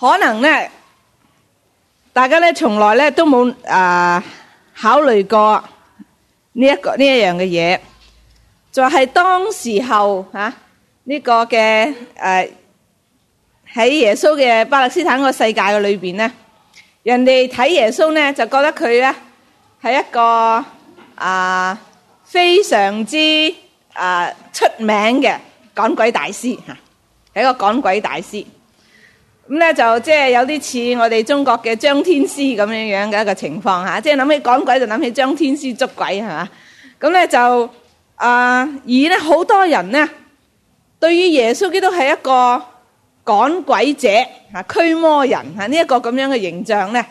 可能咧，大家咧從來咧都冇啊考慮過呢一個呢一樣嘅嘢，就係當時候吓呢個嘅誒喺耶穌嘅巴勒斯坦個世界嘅裏邊咧，人哋睇耶穌咧就覺得佢咧係一個啊非常之啊出名嘅趕鬼大師吓，係一個趕鬼大師。咁咧就即係有啲似我哋中國嘅張天師咁樣樣嘅一個情況吓，即係諗起趕鬼就諗起張天師捉鬼係嘛？咁咧就啊、呃，而咧好多人咧對於耶穌基督係一個趕鬼者吓、驅魔人吓呢一個咁樣嘅形象咧，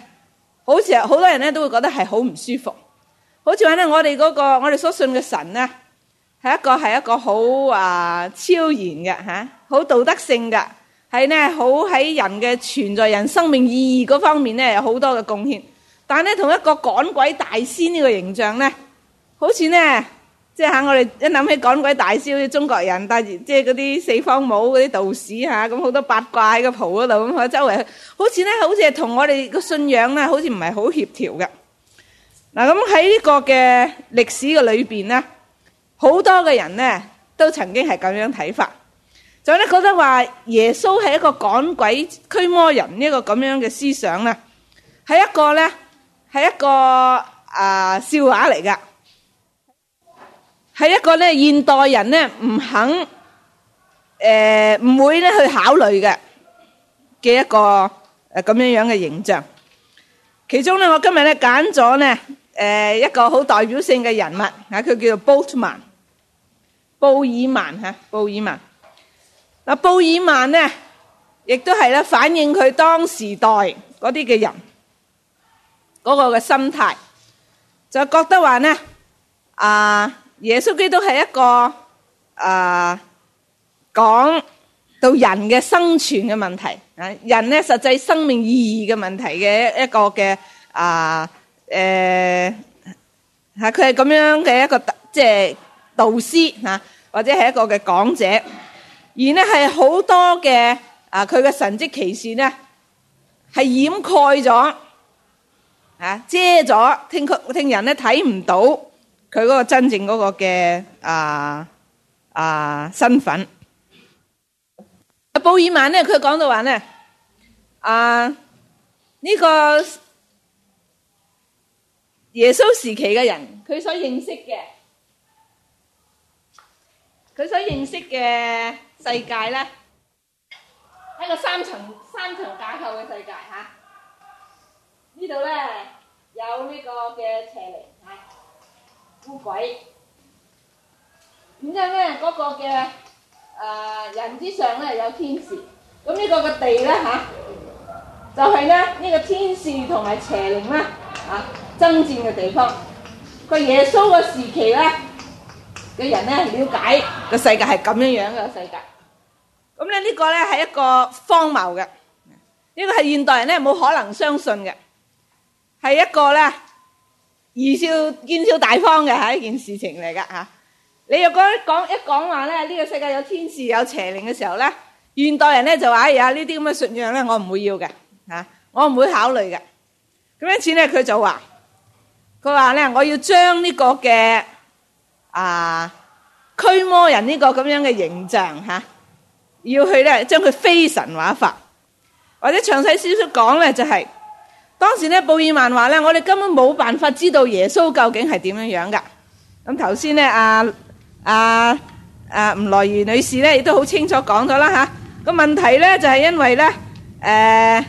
好似好多人咧都會覺得係好唔舒服。好似話咧，我哋嗰個我哋所信嘅神咧，係一個係一個好啊、呃、超然嘅吓，好道德性嘅。係呢，好喺人嘅存在、人生命意義嗰方面呢，有好多嘅貢獻。但係呢，同一個「趕鬼大仙」呢個形象呢，好似呢，即係我哋一諗起趕鬼大仙，好似啲中國人帶住即係嗰啲四方帽嗰啲道士嚇，咁好多八卦喺個袍嗰度咁喺周圍，好似呢，好似係同我哋個信仰呢，好似唔係好協調嘅。嗱，咁喺呢個嘅歷史嘅裏面呢，好多嘅人呢，都曾經係咁樣睇法。就咧覺得話耶穌係一個趕鬼驅魔人呢，一個咁樣嘅思想咧，係一個咧，係一個啊笑話嚟㗎，係一個咧現代人咧唔肯誒唔會咧去考慮嘅嘅一個誒咁樣樣嘅形象。其中咧我今日咧揀咗咧誒一個好代表性嘅人物，啊佢叫做布爾曼，布爾曼，哈，布爾曼。啊，布爾曼咧，亦都係咧反映佢當時代嗰啲嘅人嗰個嘅心態，就覺得話咧，啊，耶穌基督係一個啊講到人嘅生存嘅問題啊，人咧實際生命意義嘅問題嘅一個嘅啊誒，嚇佢係咁樣嘅一個即係導師嚇，或者係一個嘅講者，而呢係好多嘅啊，佢嘅神蹟奇事咧係掩蓋咗啊，遮咗聽曲聽人咧睇唔到佢嗰個真正嗰個嘅啊啊身份。布爾曼咧，佢講到話咧啊，呢個耶穌時期嘅人，佢所認識嘅，佢所認識嘅。世界咧，係個三層三層架構嘅世界嚇，啊、這裏呢度咧有呢個嘅邪靈嚇、污、啊、鬼，咁之後咧嗰、那個嘅誒、呃、人之上咧有天使，咁呢個嘅地咧嚇，就係、是、咧呢、這個天使同埋邪靈啦。啊，爭戰嘅地方，個耶穌嘅時期咧。嘅人咧，了解個世界係咁樣樣嘅世界，咁咧呢個咧係一個荒謬嘅，呢個係現代人咧冇可能相信嘅，係一個咧貽笑見笑大方嘅係一件事情嚟噶嚇。你若果講一講話咧，呢個世界有天使有邪靈嘅時候咧，現代人咧就話：哎呀，呢啲咁嘅信仰咧，我唔會要嘅嚇，我唔會考慮嘅。咁因此咧，佢就話：佢話咧，我要將呢個嘅。啊，驅魔人呢個咁樣嘅形象吓、啊，要去咧將佢非神話化或者詳細小說講咧就係、是，當時咧布爾曼話咧，我哋根本冇辦法知道耶穌究竟係點樣樣噶。咁頭先咧阿阿阿吳來如女士咧亦都好清楚講咗啦吓，個、啊啊、問題咧就係、是、因為咧誒、啊、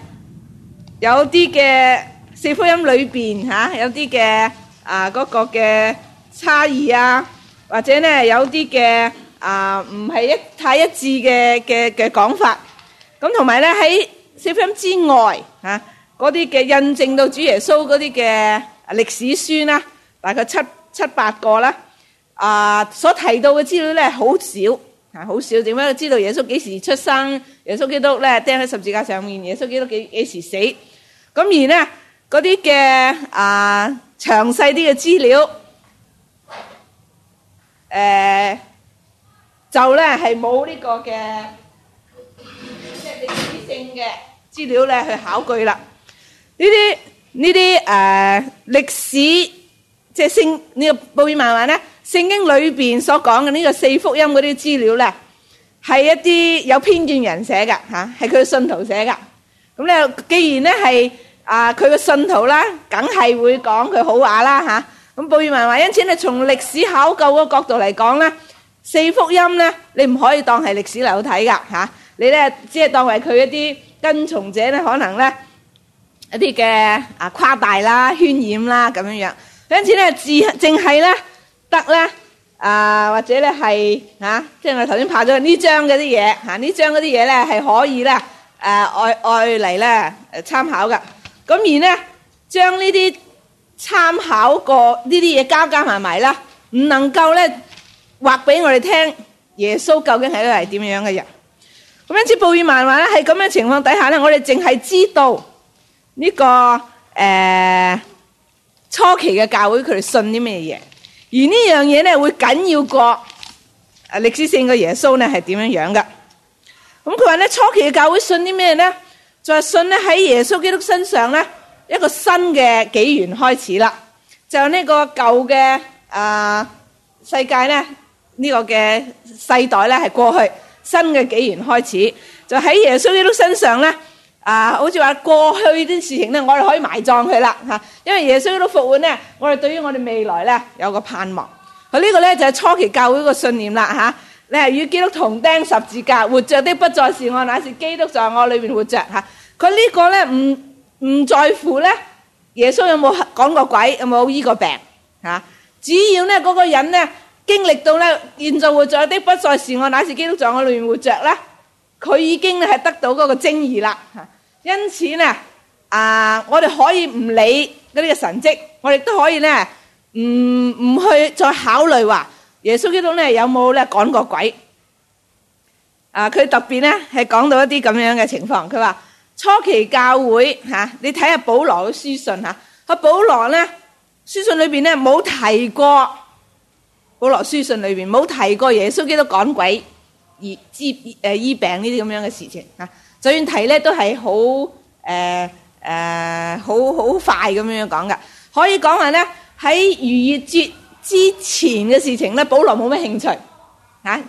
有啲嘅四福音裏邊吓、啊、有啲嘅啊嗰、那個嘅。差異啊，或者咧有啲嘅啊唔係一、呃、一太一致嘅嘅嘅講法，咁同埋咧喺《呢四福音》之外嚇嗰啲嘅印證到主耶穌嗰啲嘅歷史書啦，大概七七八個啦，啊所提到嘅資料咧好少啊，好少，點解知道耶穌幾時出生？耶穌基督咧釘喺十字架上面，耶穌基督幾幾時死？咁而呢，嗰啲嘅啊詳細啲嘅資料。誒就咧係冇呢個嘅即係歷史性嘅資料咧去考據啦。呢啲呢啲誒歷史即係聖呢個布面漫畫咧，聖經裏邊所講嘅呢個四福音嗰啲資料咧，係一啲有偏見人寫嘅嚇，係佢嘅信徒寫嘅。咁咧，既然咧係啊佢嘅信徒啦，梗係會講佢好話啦嚇。咁保爾文話：因此咧，從歷史考究嗰角度嚟講咧，《四福音》咧，你唔可以當係歷史嚟睇㗎嚇。你咧，只係當為佢一啲跟從者咧，可能咧一啲嘅啊誇大啦、渲染啦咁樣樣。因此咧，只淨係咧得咧啊，或者咧係嚇，即係我頭先拍咗呢張嗰啲嘢嚇，呢張嗰啲嘢咧係可以咧誒外外嚟咧誒參考㗎。咁而咧將呢啲。參考過呢啲嘢加加埋埋啦，唔能夠咧話俾我哋聽耶穌究竟係一個點樣嘅人。咁因此布爾曼話咧，喺咁嘅情況底下咧，我哋淨係知道呢、這個誒、呃、初期嘅教會佢哋信啲咩嘢，而呢樣嘢咧會緊要過啊歷史性嘅耶穌咧係點樣樣嘅。咁佢話咧初期嘅教會信啲咩咧？就係、是、信咧喺耶穌基督身上咧。一個新嘅紀元開始啦，就呢個舊嘅啊、呃、世界咧，呢、這個嘅世代咧係過去，新嘅紀元開始，就喺耶穌基督身上咧啊、呃，好似話過去呢啲事情咧，我哋可以埋葬佢啦吓，因為耶穌基督復活咧，我哋對於我哋未來咧有個盼望。佢、這個、呢個咧就係、是、初期教會個信念啦吓，你、啊、係與基督同釘十字架，活着的不再是我，乃是基督在我裏邊活着吓。佢、啊這個、呢個咧唔。唔在乎咧，耶穌有冇講過鬼？有冇醫過病吓？只要咧嗰個人咧，經歷到咧現在活着的不再是我，乃是基督在我裏面活着咧，佢已經係得到嗰個爭議啦吓。因此咧，啊，我哋可以唔理嗰啲嘅神蹟，我哋都可以咧，唔唔去再考慮話耶穌基督咧有冇咧講過鬼。啊，佢特別咧係講到一啲咁樣嘅情況，佢話。初期教會吓、啊，你睇下保羅嘅書信吓，阿、啊、保羅咧書信裏邊咧冇提過保羅書信裏邊冇提過耶穌基督趕鬼而治誒醫、呃、病呢啲咁樣嘅事情吓，就算提咧都係好誒誒好好快咁樣樣講噶，可以講話咧喺逾越節之前嘅事情咧，保羅冇咩興趣吓、啊，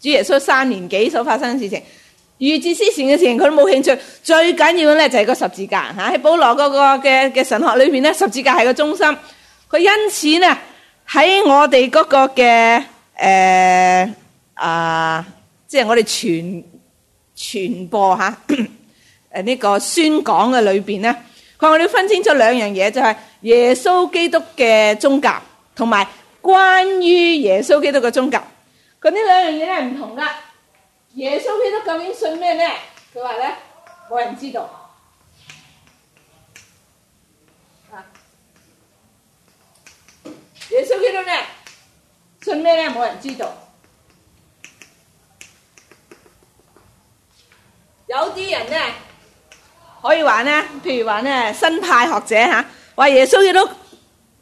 主耶穌三年幾所發生嘅事情。預置之前嘅事情，佢冇興趣。最緊要嘅咧就係個十字架吓，喺保羅嗰個嘅嘅神學裏邊咧，十字架係個中心。佢因此咧喺我哋嗰個嘅誒、呃、啊，即、就、係、是、我哋傳傳播吓誒呢個宣講嘅裏邊咧，佢話我哋分清楚兩樣嘢，就係、是、耶穌基督嘅宗教同埋關於耶穌基督嘅宗教。佢呢兩樣嘢係唔同噶。耶穌基督究竟信咩呢？佢話呢，冇人知道。啊，耶穌基督呢？信咩呢？冇人知道。有啲人呢，可以話呢，譬如話呢新派學者吓，話耶穌基督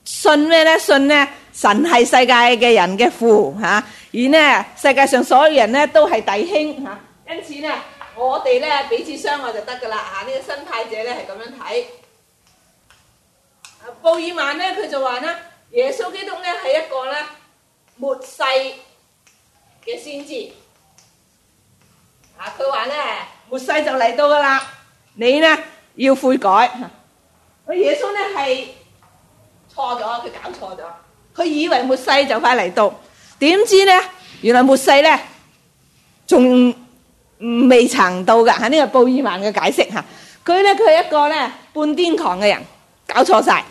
信咩呢？信咩？神係世界嘅人嘅父。吓，而呢世界上所有人呢都係弟兄，吓。因此呢，我哋呢彼此相愛就得噶啦。吓呢個新派者呢係咁樣睇。布爾曼呢佢就話呢耶穌基督呢係一個呢末世嘅先知，吓，佢話呢末世就嚟到噶啦，你呢要悔改。吓耶穌呢係錯咗，佢搞錯咗。佢以為末世就快嚟到，點知呢？原來末世呢，仲未曾到嘅，喺、這、呢個布爾曼嘅解釋嚇。佢呢，佢係一個呢半癲狂嘅人，搞錯晒，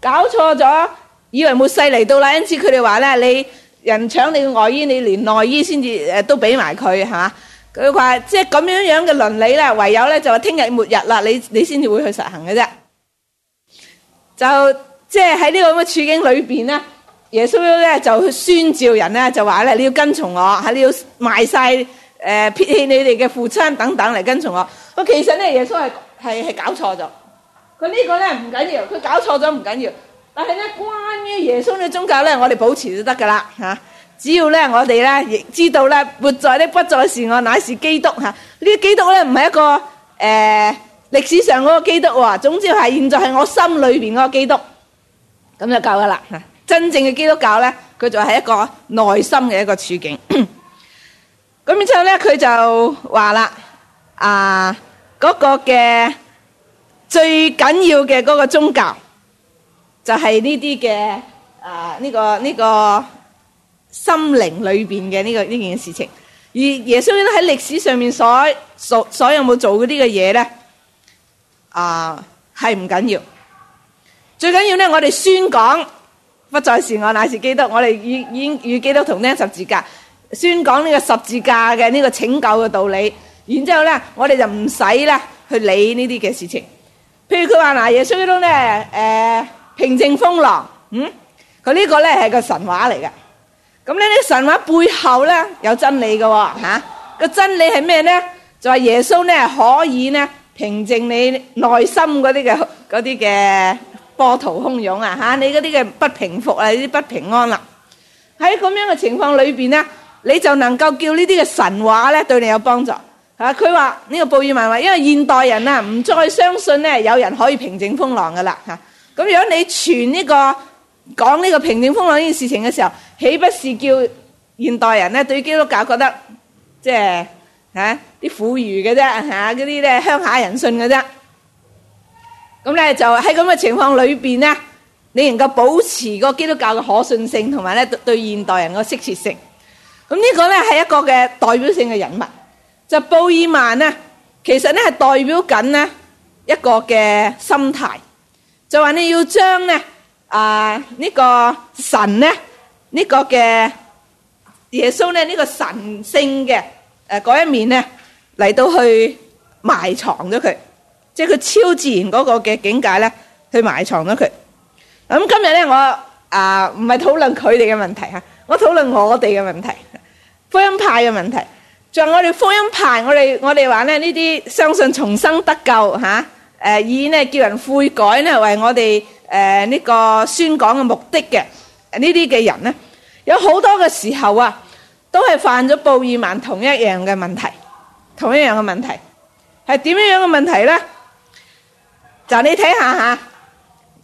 搞錯咗，以為末世嚟到啦，因此佢哋話呢：「你人搶你嘅外衣，你連內衣先至誒都俾埋佢，係佢話即係咁樣樣嘅倫理呢，唯有呢就話聽日末日啦，你你先至會去實行嘅啫。就即係喺呢個咁嘅處境裏邊呢。耶穌咧就宣召人咧就話咧，你要跟從我，係你要賣晒誒、呃、撇棄你哋嘅父親等等嚟跟從我。咁其實咧耶穌係係係搞錯咗。佢呢個咧唔緊要，佢搞錯咗唔緊要。但係咧關於耶穌嘅宗教咧，我哋保持就得噶啦吓。只要咧我哋咧亦知道咧活在呢，不再是我，乃是基督吓。呢個基督咧唔係一個誒、呃、歷史上嗰個基督，總之係現在係我心裏邊嗰個基督，咁就夠噶啦。真正嘅基督教咧，佢就係一個內心嘅一個處境。咁之 後咧，佢就話啦，啊，嗰、嗰個嘅最緊要嘅嗰個宗教，就係呢啲嘅啊，呢、呢個呢、呢個心靈裏邊嘅呢個呢件事情。而耶穌喺歷史上面所所所有冇做嗰啲嘅嘢咧，啊，係唔緊要。最緊要咧，我哋宣講。不再是我，乃是基督。我哋已經與基督同釘十字架，宣講呢個十字架嘅呢個拯救嘅道理。然之後咧，我哋就唔使咧去理呢啲嘅事情。譬如佢話嗱，耶穌都咧誒平靜風浪，嗯，佢呢個咧係個神話嚟嘅。咁呢啲神話背後咧有真理嘅吓、哦，個、啊、真理係咩咧？就係耶穌咧可以咧平靜你內心嗰啲嘅嗰啲嘅。波濤洶湧啊！嚇你嗰啲嘅不平伏啊，啲不平安啦、啊。喺咁樣嘅情況裏邊咧，你就能夠叫呢啲嘅神話咧對你有幫助嚇。佢話呢個布爾曼話，因為現代人啊唔再相信咧有人可以平靜風浪噶啦嚇。咁、啊、如果你傳呢、這個講呢個平靜風浪呢件事情嘅時候，豈不是叫現代人咧對基督教覺得即係嚇啲婦孺嘅啫嚇，嗰啲咧鄉下人信嘅啫。咁咧就喺咁嘅情況裏邊咧，你能夠保持個基督教嘅可信性，同埋咧對現代人嘅適切性。咁呢個咧係一個嘅代表性嘅人物，就布爾曼咧，其實咧係代表緊咧一個嘅心態，就話你要將咧啊呢個神咧呢個嘅耶穌咧呢個神聖嘅誒嗰一面咧嚟到去埋藏咗佢。即係佢超自然嗰個嘅境界咧，去埋藏咗佢。咁今日咧，我啊唔係討論佢哋嘅問題吓，我討論我哋嘅問題，福音派嘅問題。在我哋福音派，我哋我哋話咧呢啲相信重生得救吓，誒、啊、以呢叫人悔改咧為我哋誒呢個宣講嘅目的嘅呢啲嘅人咧，有好多嘅時候啊，都係犯咗布爾曼同一樣嘅問題，同一樣嘅問題係點樣樣嘅問題咧？就你睇下嚇，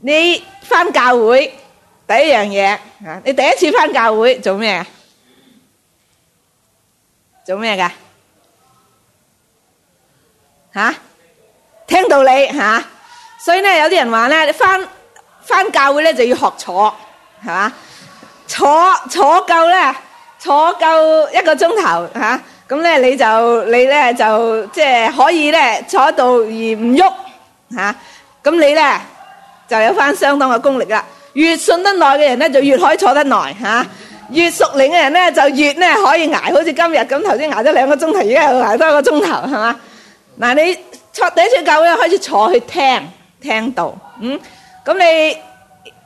你返教會第一樣嘢嚇，你第一次返教會做咩啊？做咩㗎？嚇？聽道理嚇。所以咧，有啲人話咧，你返返教會咧就要學坐係嘛？坐坐夠咧，坐夠一個鐘頭嚇，咁咧你就你咧就即係可以咧坐喺度而唔喐嚇。咁你咧就有翻相當嘅功力啦。越信得耐嘅人咧，就越可以坐得耐嚇。越熟練嘅人咧，就越咧可以捱。好似今日咁，頭先捱咗兩個鐘頭，而家又捱多一個鐘頭，係嘛？嗱，你坐第一次教會開始坐去聽聽道，嗯，咁你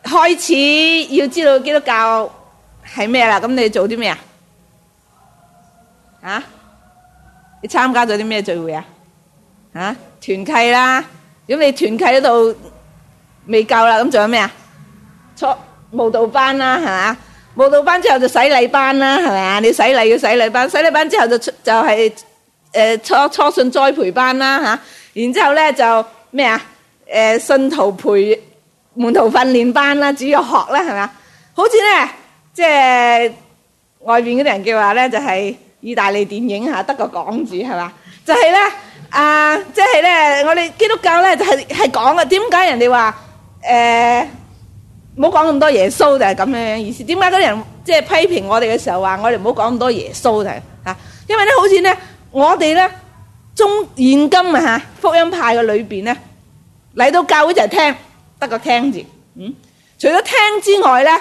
開始要知道基督教係咩啦？咁你做啲咩啊？啊？你參加咗啲咩聚會啊？啊？團契啦。咁你團契嗰度未夠啦，咁仲有咩啊？初慕道班啦，係咪？慕道班之後就洗禮班啦，係咪啊？你洗禮要洗禮班，洗禮班之後就就係、是、誒、呃、初初信栽培班啦，吓然之後咧就咩啊？誒、呃、信徒培門徒訓練班啦，主要學啦，係咪？好似咧即係外面嗰啲人叫話咧，就係、是、意大利電影嚇，得個講字係嘛？就係、是、咧。啊，即係咧，我哋基督教咧就係係講嘅，點解人哋話誒，唔好講咁多耶穌就係咁樣嘅意思。點解嗰啲人即係批評我哋嘅時候話我哋唔好講咁多耶穌就係吓，因為咧好似咧我哋咧中現今啊吓福音派嘅裏邊咧嚟到教會就係聽，得個聽字，嗯，除咗聽之外咧，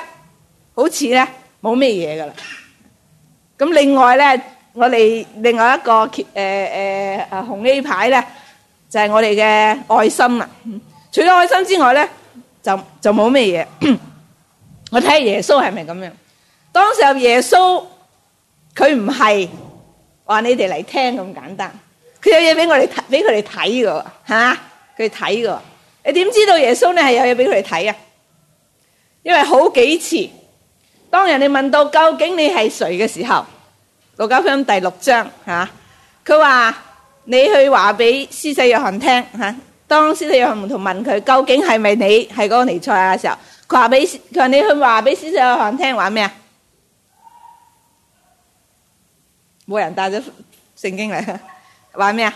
好似咧冇咩嘢噶啦。咁另外咧。我哋另外一個誒誒誒紅 A 牌咧，就係我哋嘅愛心啊！除咗愛心之外咧，就就冇咩嘢。我睇下耶穌係咪咁樣？當時候耶穌佢唔係話你哋嚟聽咁簡單，佢有嘢俾我哋睇，俾佢哋睇嘅吓，佢睇嘅。你點知道耶穌你係有嘢俾佢哋睇啊？因為好幾次，當人哋問到究竟你係誰嘅時候，《路加福音》第六章，嚇佢話你去話俾施洗約翰聽，吓當施洗約翰門徒問佢究竟係咪你係嗰個尼賽亞嘅時候，佢話俾佢話你去話俾施洗約翰聽，話咩啊？冇人帶咗聖經嚟，話咩啊？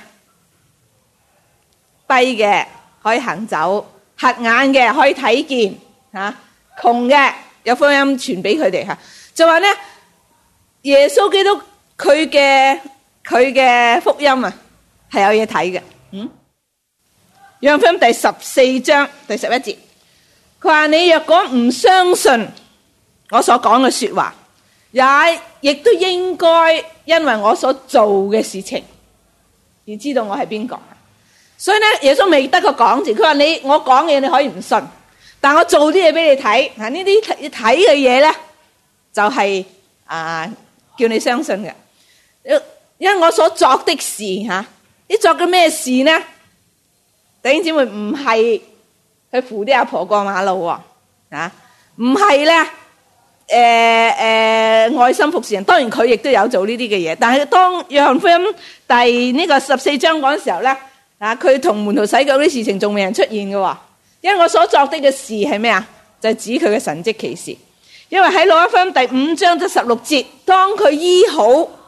跛嘅可以行走，瞎眼嘅可以睇見，吓窮嘅有福音傳俾佢哋吓，就話咧耶穌基督，佢嘅佢嘅福音啊，係有嘢睇嘅。嗯，《約翰福音》第十四章第十一節，佢話你若果唔相信我所講嘅說話，也亦都應該因為我所做嘅事情而知道我係邊個。所以咧，耶穌未得個講字，佢話你我講嘢你可以唔信，但我做啲嘢俾你睇。嗱呢啲睇嘅嘢咧，就係、是、啊叫你相信嘅。因為我所作的事吓，啲、啊、作嘅咩事呢？弟兄姊妹唔係去扶啲阿婆過馬路喎，啊，啊唔係咧，誒誒、呃呃、愛心服侍人，當然佢亦都有做呢啲嘅嘢。但係當約翰福音第呢個十四章嗰時候咧，啊佢同門徒洗腳啲事情仲未人出現嘅，啊，因為我所作的嘅事係咩啊？就是，指佢嘅神蹟奇事，因為喺路加福音第五章第十六節，當佢醫好。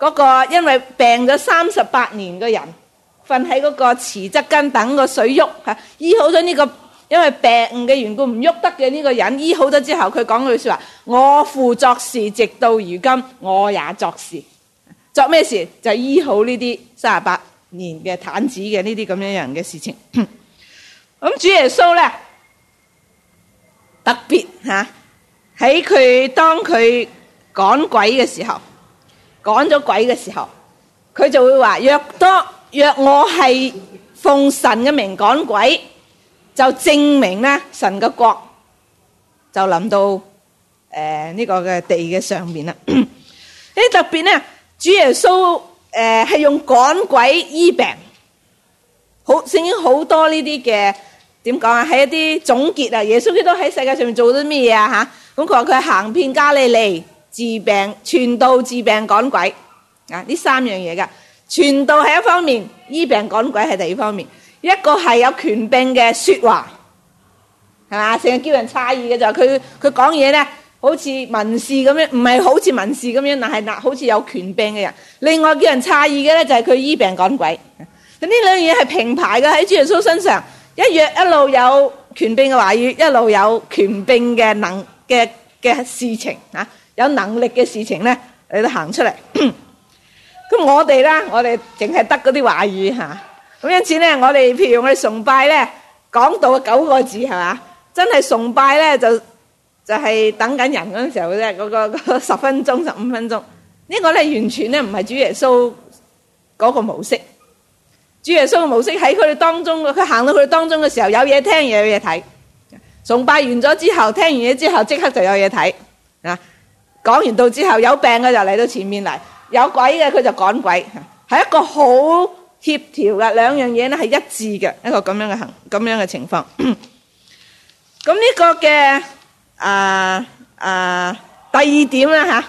嗰個因為病咗三十八年嘅人，瞓喺嗰個池側根等個水喐吓，醫好咗呢、這個因為病嘅緣故唔喐得嘅呢個人，醫好咗之後，佢講句說話：我父作事，直到如今，我也作事，作咩事？就係醫好呢啲三十八年嘅癱子嘅呢啲咁樣樣嘅事情。咁 主耶穌咧特別吓，喺佢當佢趕鬼嘅時候。趕咗鬼嘅時候，佢就會話：若多若我係奉神嘅名趕鬼，就證明咧神嘅國就臨到誒呢個嘅地嘅上面啦。誒特別咧，主耶穌誒係用趕鬼醫病，好聖經好多呢啲嘅點講啊，係一啲總結啊，耶穌基督喺世界上面做咗啲咩嘢啊吓？咁佢話佢行遍加利利。治病、傳道、治病趕鬼啊！呢三樣嘢噶，傳道係一方面，醫病趕鬼係第二方面。一個係有權柄嘅説話，係嘛？成日叫人詫異嘅就係、是、佢，佢講嘢咧好似文士咁樣，唔係好似文士咁樣，但係嗱好似有權柄嘅人。另外叫人詫異嘅咧就係、是、佢醫病趕鬼。呢兩樣嘢係平排嘅，喺朱元蘇身上，一若一路有權柄嘅話語，一路有權柄嘅能嘅嘅事情啊！有能力嘅事情咧，你都行出嚟。咁 我哋咧，我哋淨係得嗰啲話語吓。咁、啊、因此咧，我哋譬如我哋崇拜咧，講到九個字係嘛，真係崇拜咧就就係、是、等緊人嗰陣時候咧，嗰、那個那個十分鐘十五分鐘、這個、呢個咧完全咧唔係主耶穌嗰個模式。主耶穌嘅模式喺佢哋當中，佢行到佢哋當中嘅時候，有嘢聽，有嘢睇。崇拜完咗之後，聽完嘢之後，即刻就有嘢睇啊！講完到之後，有病嘅就嚟到前面嚟，有鬼嘅佢就趕鬼，係一個好協調嘅兩樣嘢咧，係一致嘅一個咁樣嘅行咁樣嘅情況。咁呢 個嘅啊啊第二點啦吓、啊，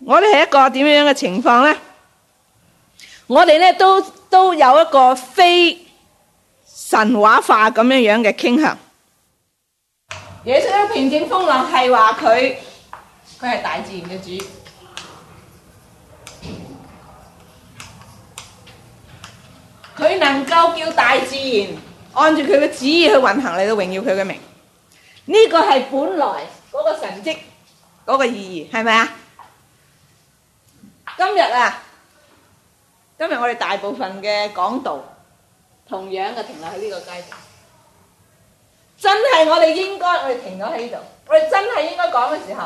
我哋係一個點樣嘅情況咧？我哋咧都都有一個非神話化咁樣樣嘅傾向，耶穌平靜風浪係話佢。佢係大自然嘅主，佢能夠叫大自然按住佢嘅旨意去運行，嚟到榮耀佢嘅名，呢個係本來嗰個神蹟嗰個意義，係咪啊？今日啊，今日我哋大部分嘅講道同樣嘅停留喺呢個階段，真係我哋應該我哋停咗喺呢度，我哋真係應該講嘅時候。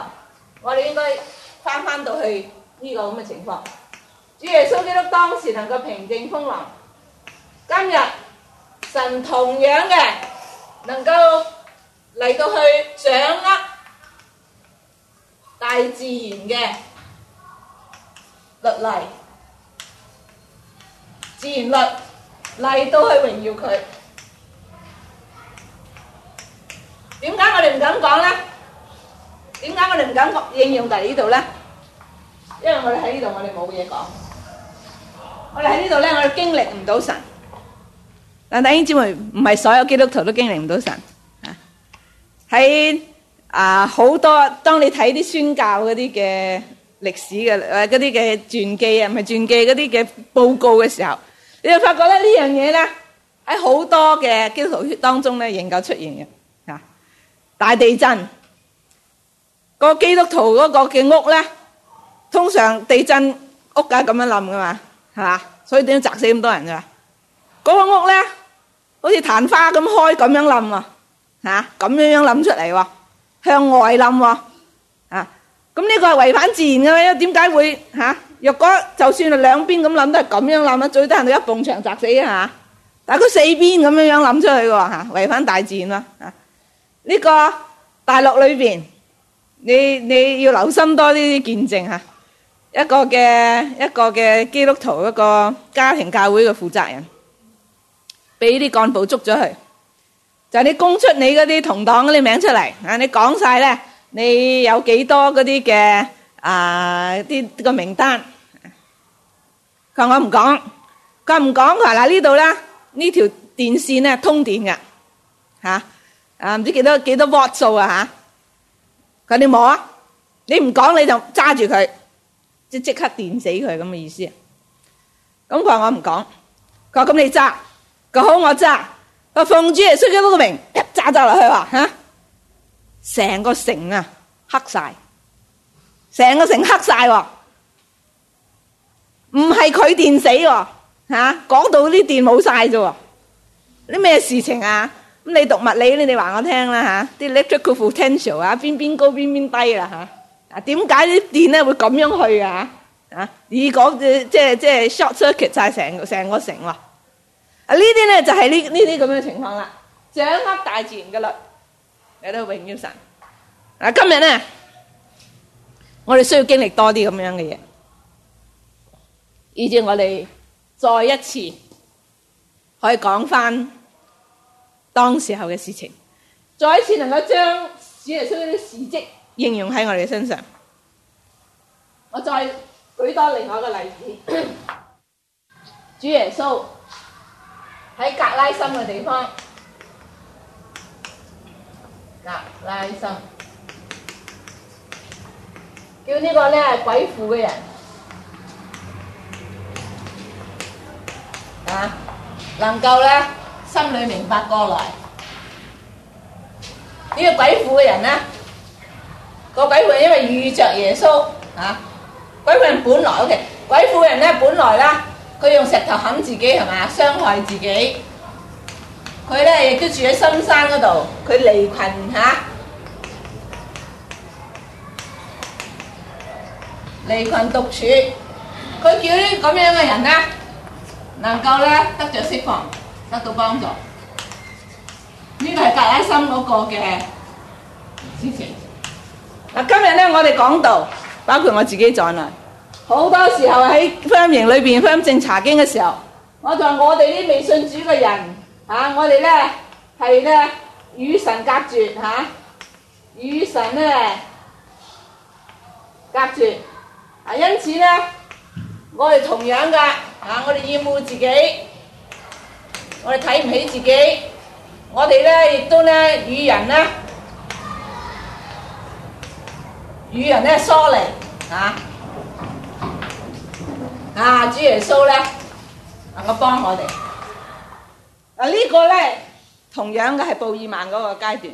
我哋應該翻返到去呢個咁嘅情況。主耶穌基督當時能夠平靜風浪，今日神同樣嘅能夠嚟到去掌握大自然嘅律例、自然律例，嚟到去榮耀佢。點解我哋唔敢講咧？點解我哋唔敢應用嚟呢度咧？因為我哋喺呢度，我哋冇嘢講。我哋喺呢度咧，我哋經歷唔到神。但係弟兄姊妹，唔係所有基督徒都經歷唔到神。喺啊好多，當你睇啲宣教嗰啲嘅歷史嘅，或者嗰啲嘅傳記啊，唔係傳記嗰啲嘅報告嘅時候，你就發覺咧呢樣嘢咧，喺好多嘅基督徒當中咧，仍舊出現嘅啊大地震。個基督徒嗰個嘅屋咧，通常地震屋梗係咁樣冧噶嘛，係嘛？所以點樣砸死咁多人噶？嗰個屋咧，好似曇花咁開咁樣冧啊，吓咁樣樣冧出嚟，喎，向外冧喎啊！咁呢個係違反自然噶因爲點解會吓？若果就算係兩邊咁冧都係咁樣冧啦，最低人哋一埲牆砸死啊！但係佢四邊咁樣樣冧出去嘅吓，違反大自然咯啊！呢個大陸裏邊。你你要留心多啲啲見證吓，一個嘅一個嘅基督徒一個家庭教會嘅負責人，俾啲幹部捉咗佢，就你供出你嗰啲同黨嗰啲名出嚟啊！你講晒咧，你有幾多嗰啲嘅啊啲個名單？佢我唔講，佢唔講佢話嗱呢度啦，呢條電線咧通電嘅吓，啊唔知幾多幾多瓦數啊吓。佢你摸啊？你唔講你就揸住佢，即即刻電死佢咁嘅意思。咁佢話我唔講，佢話咁你揸，佢話好我揸，個放豬嚟出咗嗰個名，揸揸落去話吓，成、啊、個城啊黑晒，成個城黑晒喎，唔係佢電死喎，吓、啊、講到啲電冇晒啫，啲、啊、咩事情啊？咁你讀物理咧？你哋話我聽啦吓，啲 electrical potential 啊，邊邊高邊邊低啦吓。啊，點解啲電咧會咁樣去啊？啊，如果即係即係 short circuit 晒成成個城話，啊呢啲咧就係呢呢啲咁樣嘅情況啦。掌握大自然嘅律，睇到榮耀神。啊，今日咧，我哋需要經歷多啲咁樣嘅嘢，以致我哋再一次可以講翻。當時候嘅事情，再一次能夠將主耶穌啲事迹應用喺我哋身上。我再舉多另外一個例子， 主耶穌喺格拉森嘅地方，格拉森叫呢個咧鬼附嘅人啊，能夠咧。心裏明白過來，呢個鬼附嘅人咧，個鬼附因為遇著耶穌啊，鬼附人本來 O K，鬼附人咧本來啦，佢用石頭砍自己係嘛，傷害自己，佢咧亦都住喺深山嗰度，佢離羣嚇，離羣獨處，佢叫啲咁樣嘅人咧，能夠咧得著釋放。得到幫助，呢、這個係格拉心嗰個嘅。之前，嗱今日咧，我哋講到，包括我自己在內，好多時候喺福音營裏邊，福音正查經嘅時候，我同我哋啲未信主嘅人，嚇、啊、我哋咧係咧與神隔絕嚇，與神咧隔絕，啊，呢絕啊因此咧，我哋同樣噶，嚇、啊、我哋厭惡自己。我哋睇唔起自己，我哋咧亦都咧與人咧與人咧疏離啊啊！主耶穌咧，能夠幫我哋啊？呢個咧同樣嘅係布爾曼嗰個階段，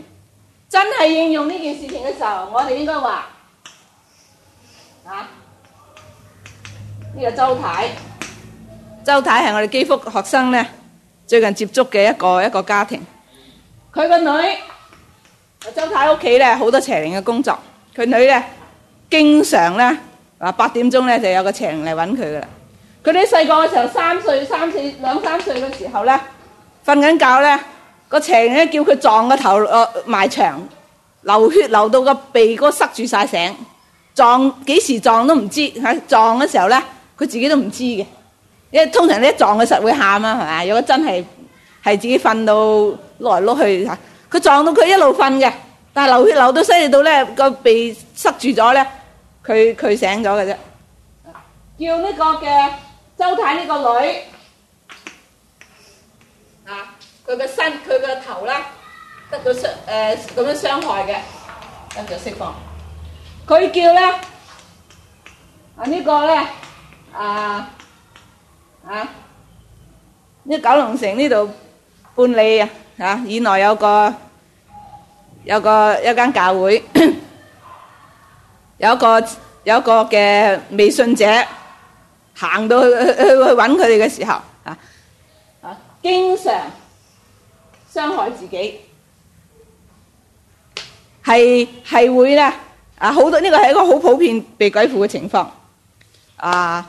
真係應用呢件事情嘅時候，我哋應該話啊？呢個周太，周太係我哋基福學生咧。最近接觸嘅一個一個家庭，佢個女阿周太屋企咧，好多邪靈嘅工作。佢女咧經常咧，啊八點鐘咧就有個邪靈嚟揾佢㗎喇。佢哋細個嘅時候，三歲、三四、兩三歲嘅時候咧，瞓緊覺咧，個邪靈咧叫佢撞個頭落埋牆，流血流到個鼻哥塞住曬醒，撞幾時撞都唔知，喺撞嘅時候咧，佢自己都唔知嘅。因為通常咧一撞佢實會喊啦，係咪啊？如果真係係自己瞓到碌嚟碌去，佢撞到佢一路瞓嘅，但係流血流到犀利到咧個鼻塞住咗咧，佢佢醒咗嘅啫。叫呢個嘅周太呢個女啊，佢個身佢個頭咧得到傷，誒咁樣傷害嘅，得到釋放佢叫咧啊呢個咧啊。啊！呢九龍城呢度半里啊，嚇，以內有個有個一間教會，有一個有一個嘅未信者行到去去去揾佢哋嘅時候，啊啊，經常傷害自己，係係會咧啊！好多呢個係一個好普遍被鬼附嘅情況啊！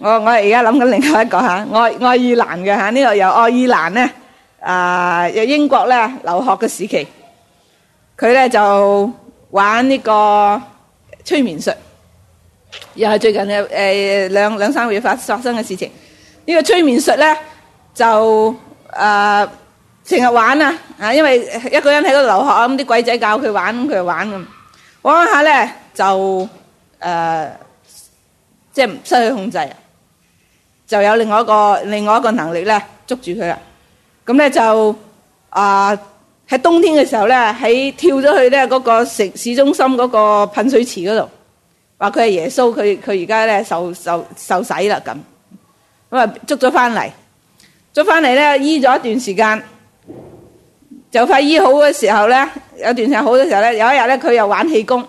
我我而家諗緊另外一個吓，愛愛爾蘭嘅吓呢個由愛爾蘭咧，啊由英國咧留學嘅時期，佢咧就玩呢個催眠術，又係最近嘅誒兩兩三個月發生嘅事情。呢個催眠術咧就誒成日玩啊啊，因為一個人喺度留學咁，啲鬼仔教佢玩，咁佢玩咁玩下咧就誒即係唔失去控制。就有另外一個另外一個能力咧，捉住佢啦。咁咧就啊喺冬天嘅時候咧，喺跳咗去咧嗰個城市中心嗰個噴水池嗰度，話佢係耶穌，佢佢而家咧受受受洗啦咁咁啊捉咗翻嚟，捉翻嚟咧醫咗一段時間，就快醫好嘅時候咧，有段時間好嘅時候咧，有一日咧佢又玩氣功，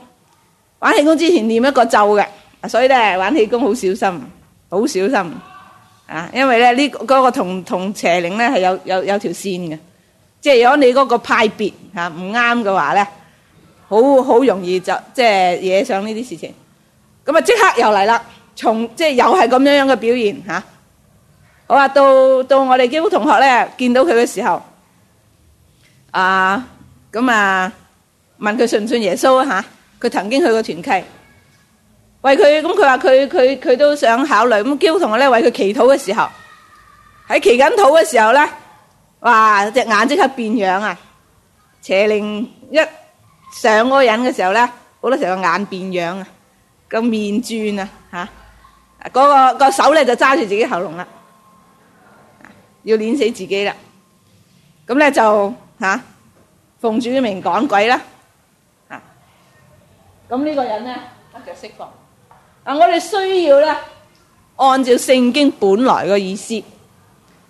玩氣功之前唸一個咒嘅，所以咧玩氣功好小心，好小心。啊，因為咧呢嗰個同同邪靈咧係有有有條線嘅，即係如果你嗰個派別嚇唔啱嘅話咧，好好容易就即係惹上呢啲事情。咁啊，即刻又嚟啦，從即係又係咁樣樣嘅表現嚇。好啊，到到我哋基督徒同學咧見到佢嘅時候，啊咁啊問佢信唔信耶穌啊嚇，佢曾經去過團契。為佢咁，佢話佢佢佢都想考慮咁。焦同學咧為佢祈禱嘅時候，喺祈緊禱嘅時候咧，哇！隻眼即刻變樣啊！邪靈一上嗰個人嘅時候咧，好多時候眼變樣啊，個面轉啊吓，嗰、嗰個個手咧就揸住自己嘅喉嚨啦、啊，要捏死自己啦。咁咧就吓奉主之名趕鬼啦吓。咁、啊、呢個人咧一、啊、釋放。嗱，我哋需要咧，按照聖經本來嘅意思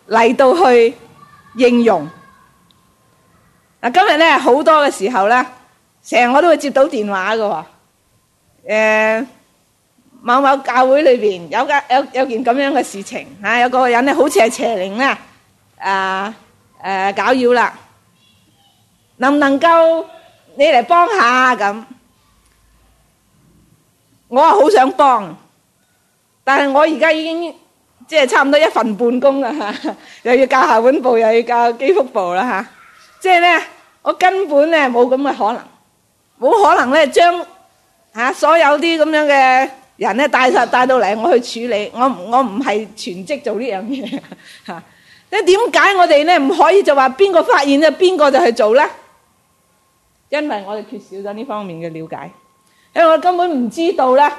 嚟到去應用。嗱，今日咧好多嘅時候咧，成日我都會接到電話㗎，誒，某某教會裏邊有個有有件咁樣嘅事情，吓有嗰個人咧，好似係邪靈呀，誒誒搞擾啦，能唔能夠你嚟幫下咁？我好想幫，但係我而家已經即係差唔多一份半工啦吓，又要教下本部，又要教基福部啦吓，即係咩？我根本咧冇咁嘅可能，冇可能咧將吓所有啲咁樣嘅人咧帶晒帶到嚟我去處理。我唔我唔係全職做呢樣嘢吓。即係點解我哋咧唔可以就話邊個發現啊邊個就去做咧？因為我哋缺少咗呢方面嘅了解。因為我根本唔知道咧，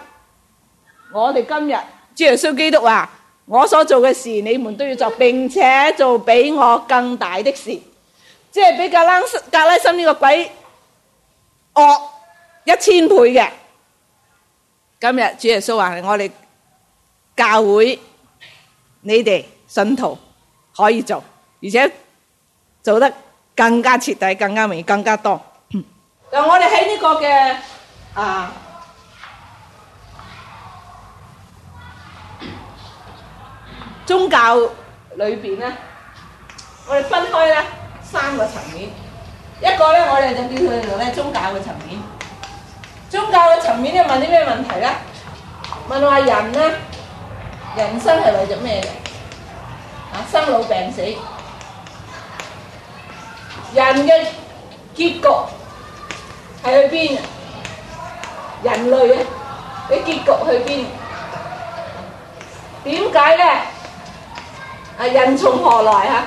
我哋今日主耶穌基督話：我所做嘅事，你們都要做，並且做比我更大的事，即係比格拉格拉森呢個鬼惡一千倍嘅。今日主耶穌話：我哋教會，你哋信徒可以做，而且做得更加徹底、更加明、更加多。就我哋喺呢個嘅。啊！宗教裡面咧，我哋分開咧三個層面，一個咧我哋就叫佢做宗教嘅層面。宗教嘅層面咧問啲咩問題咧？問話人咧，人生係為咗咩嘅？啊，生老病死，人嘅結局係去邊啊？人類嘅結局去邊？點解咧？啊，人從何來嚇？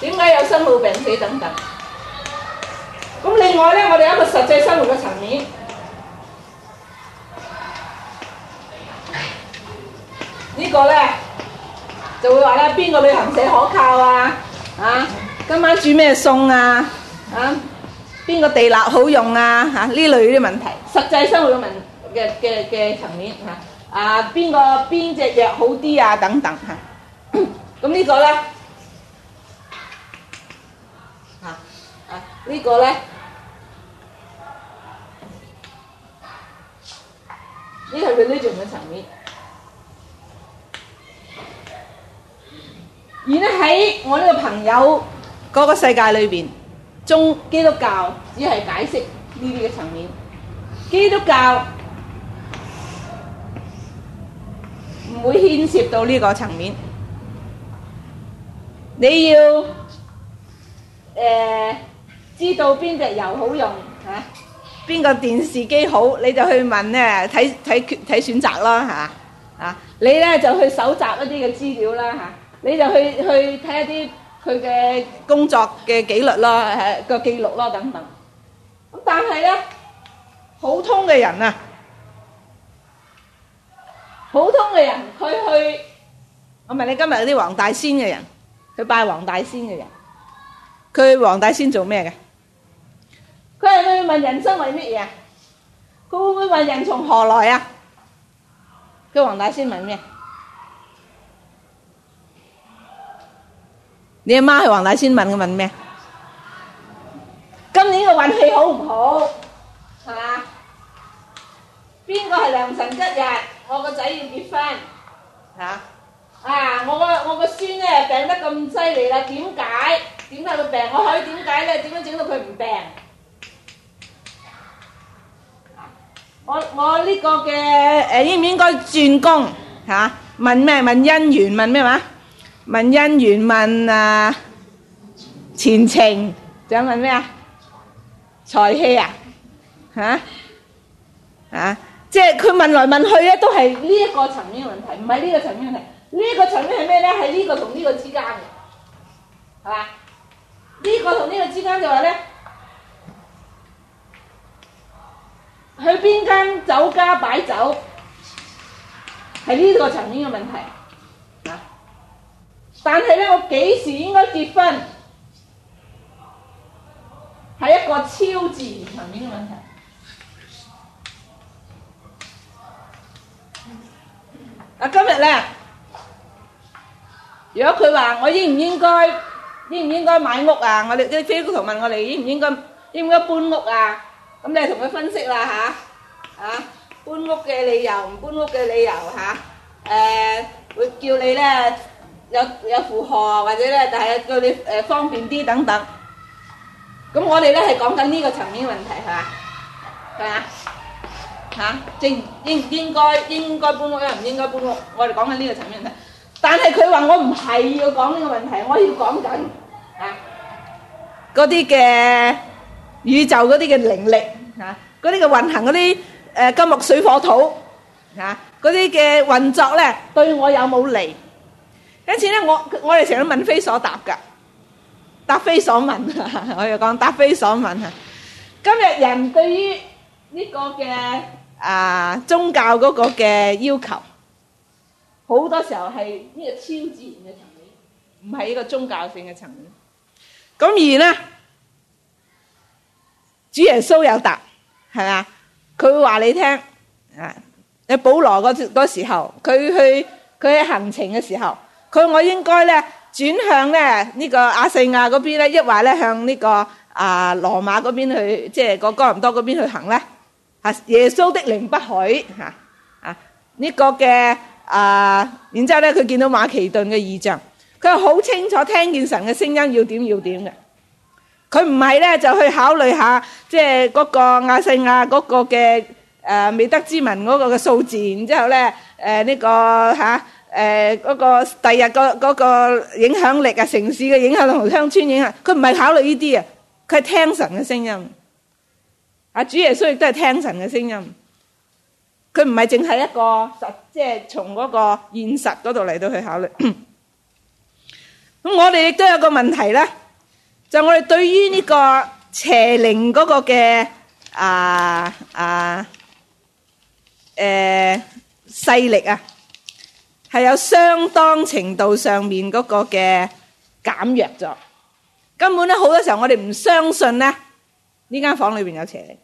點解有生老病死等等？咁另外咧，我哋有一個實際生活嘅層面，呢個咧就會話咧，邊個旅行社可靠啊？啊，今晚煮咩餸啊？啊！邊個地立好用啊？吓呢類啲問題，實際生活嘅問嘅嘅嘅層面吓啊，邊個邊隻藥好啲啊？等等吓，咁呢個咧吓啊呢個咧呢係 religion 嘅層面，而咧喺我呢個朋友嗰個世界裏邊。中基督教只係解釋呢啲嘅層面，基督教唔會牽涉到呢個層面。你要誒知道邊隻油好用吓，邊個電視機好，你就去問咧，睇睇選睇選擇啦吓啊！你咧就去搜集一啲嘅資料啦吓，你就去去睇一啲。佢嘅工作嘅紀律咯，誒個記錄咯等等。咁但係咧，普通嘅人啊，普通嘅人佢去，我問你今日嗰啲黃大仙嘅人，去拜黃大仙嘅人，佢黃大仙做咩嘅？佢會唔會問人生為咩嘢？佢會唔會問人從何來啊？去黃大仙問咩？你阿媽係黃大仙問我問咩？今年嘅運氣好唔好？係嘛？邊個係良辰吉日？我個仔要結婚。吓？啊！我個我個孫咧病得咁犀利啦，點解？點解佢病？我可以點解咧？點樣整到佢唔病？我我呢個嘅誒應唔應該轉工？吓？問咩？問姻緣？問咩話？問姻緣，問啊前程，仲有問咩啊？財氣啊？嚇，即係佢問來問去都係呢個層面嘅問題，唔係呢個層面問題。這個、層是呢個層面係咩咧？係呢個同呢個之間嘅，呢、這個同呢個之間就話呢？去邊間酒家擺酒，係呢個層面嘅問題。但係咧，我幾時應該結婚，係一個超自然層面嘅問題。啊，今日咧，如果佢話我應唔應該，應唔應該買屋啊？我哋啲飛哥同問我哋應唔應該，應唔應該搬屋啊？咁你同佢分析啦吓，啊，搬屋嘅理由，唔搬屋嘅理由吓，誒，會叫你咧。有有負荷或者咧，但係對你誒方便啲等等。咁我哋咧係講緊呢個層面問題係嘛？係嘛？正，應應應該應該搬屋又唔應該搬屋，我哋講緊呢個層面問題。但係佢話我唔係要講呢個問題，我要講緊啊嗰啲嘅宇宙嗰啲嘅靈力啊，嗰啲嘅運行嗰啲誒金木水火土啊，嗰啲嘅運作咧對我有冇利？因此咧，我我哋成日都問非所答嘅，答非所問。我又講答非所問。今日人對於呢個嘅啊宗教嗰個嘅要求，好多時候係呢個超自然嘅層面，唔係一個宗教性嘅層面。咁而呢，主耶穌有答，係咪啊？佢會話你聽啊。你保羅嗰嗰時候，佢去佢行程嘅時候。佢我應該咧轉向咧呢個亞細亞嗰邊咧，抑或咧向呢、這個啊羅、這個呃、馬嗰邊去，即係個哥林多嗰邊去行咧嚇。耶穌的靈不許嚇啊呢、啊這個嘅啊，然之後咧佢見到馬其頓嘅異象，佢好清楚聽見神嘅聲音要點要點嘅。佢唔係咧就去考慮下即係嗰個亞細亞嗰個嘅誒未得之民嗰個嘅數字，然之後咧誒呢、呃這個、啊誒嗰個第日個嗰個影響力啊，城市嘅影響力同鄉村影響，佢唔係考慮呢啲啊，佢係聽神嘅聲音。阿主耶穌亦都係聽神嘅聲音，佢唔係淨係一個實，即係從嗰個現實嗰度嚟到去考慮。咁我哋亦都有個問題咧，就我哋對於呢個邪靈嗰個嘅啊啊誒勢力啊。係有相當程度上面嗰個嘅減弱咗，根本咧，好多時候我哋唔相信咧呢間房裏面有邪力。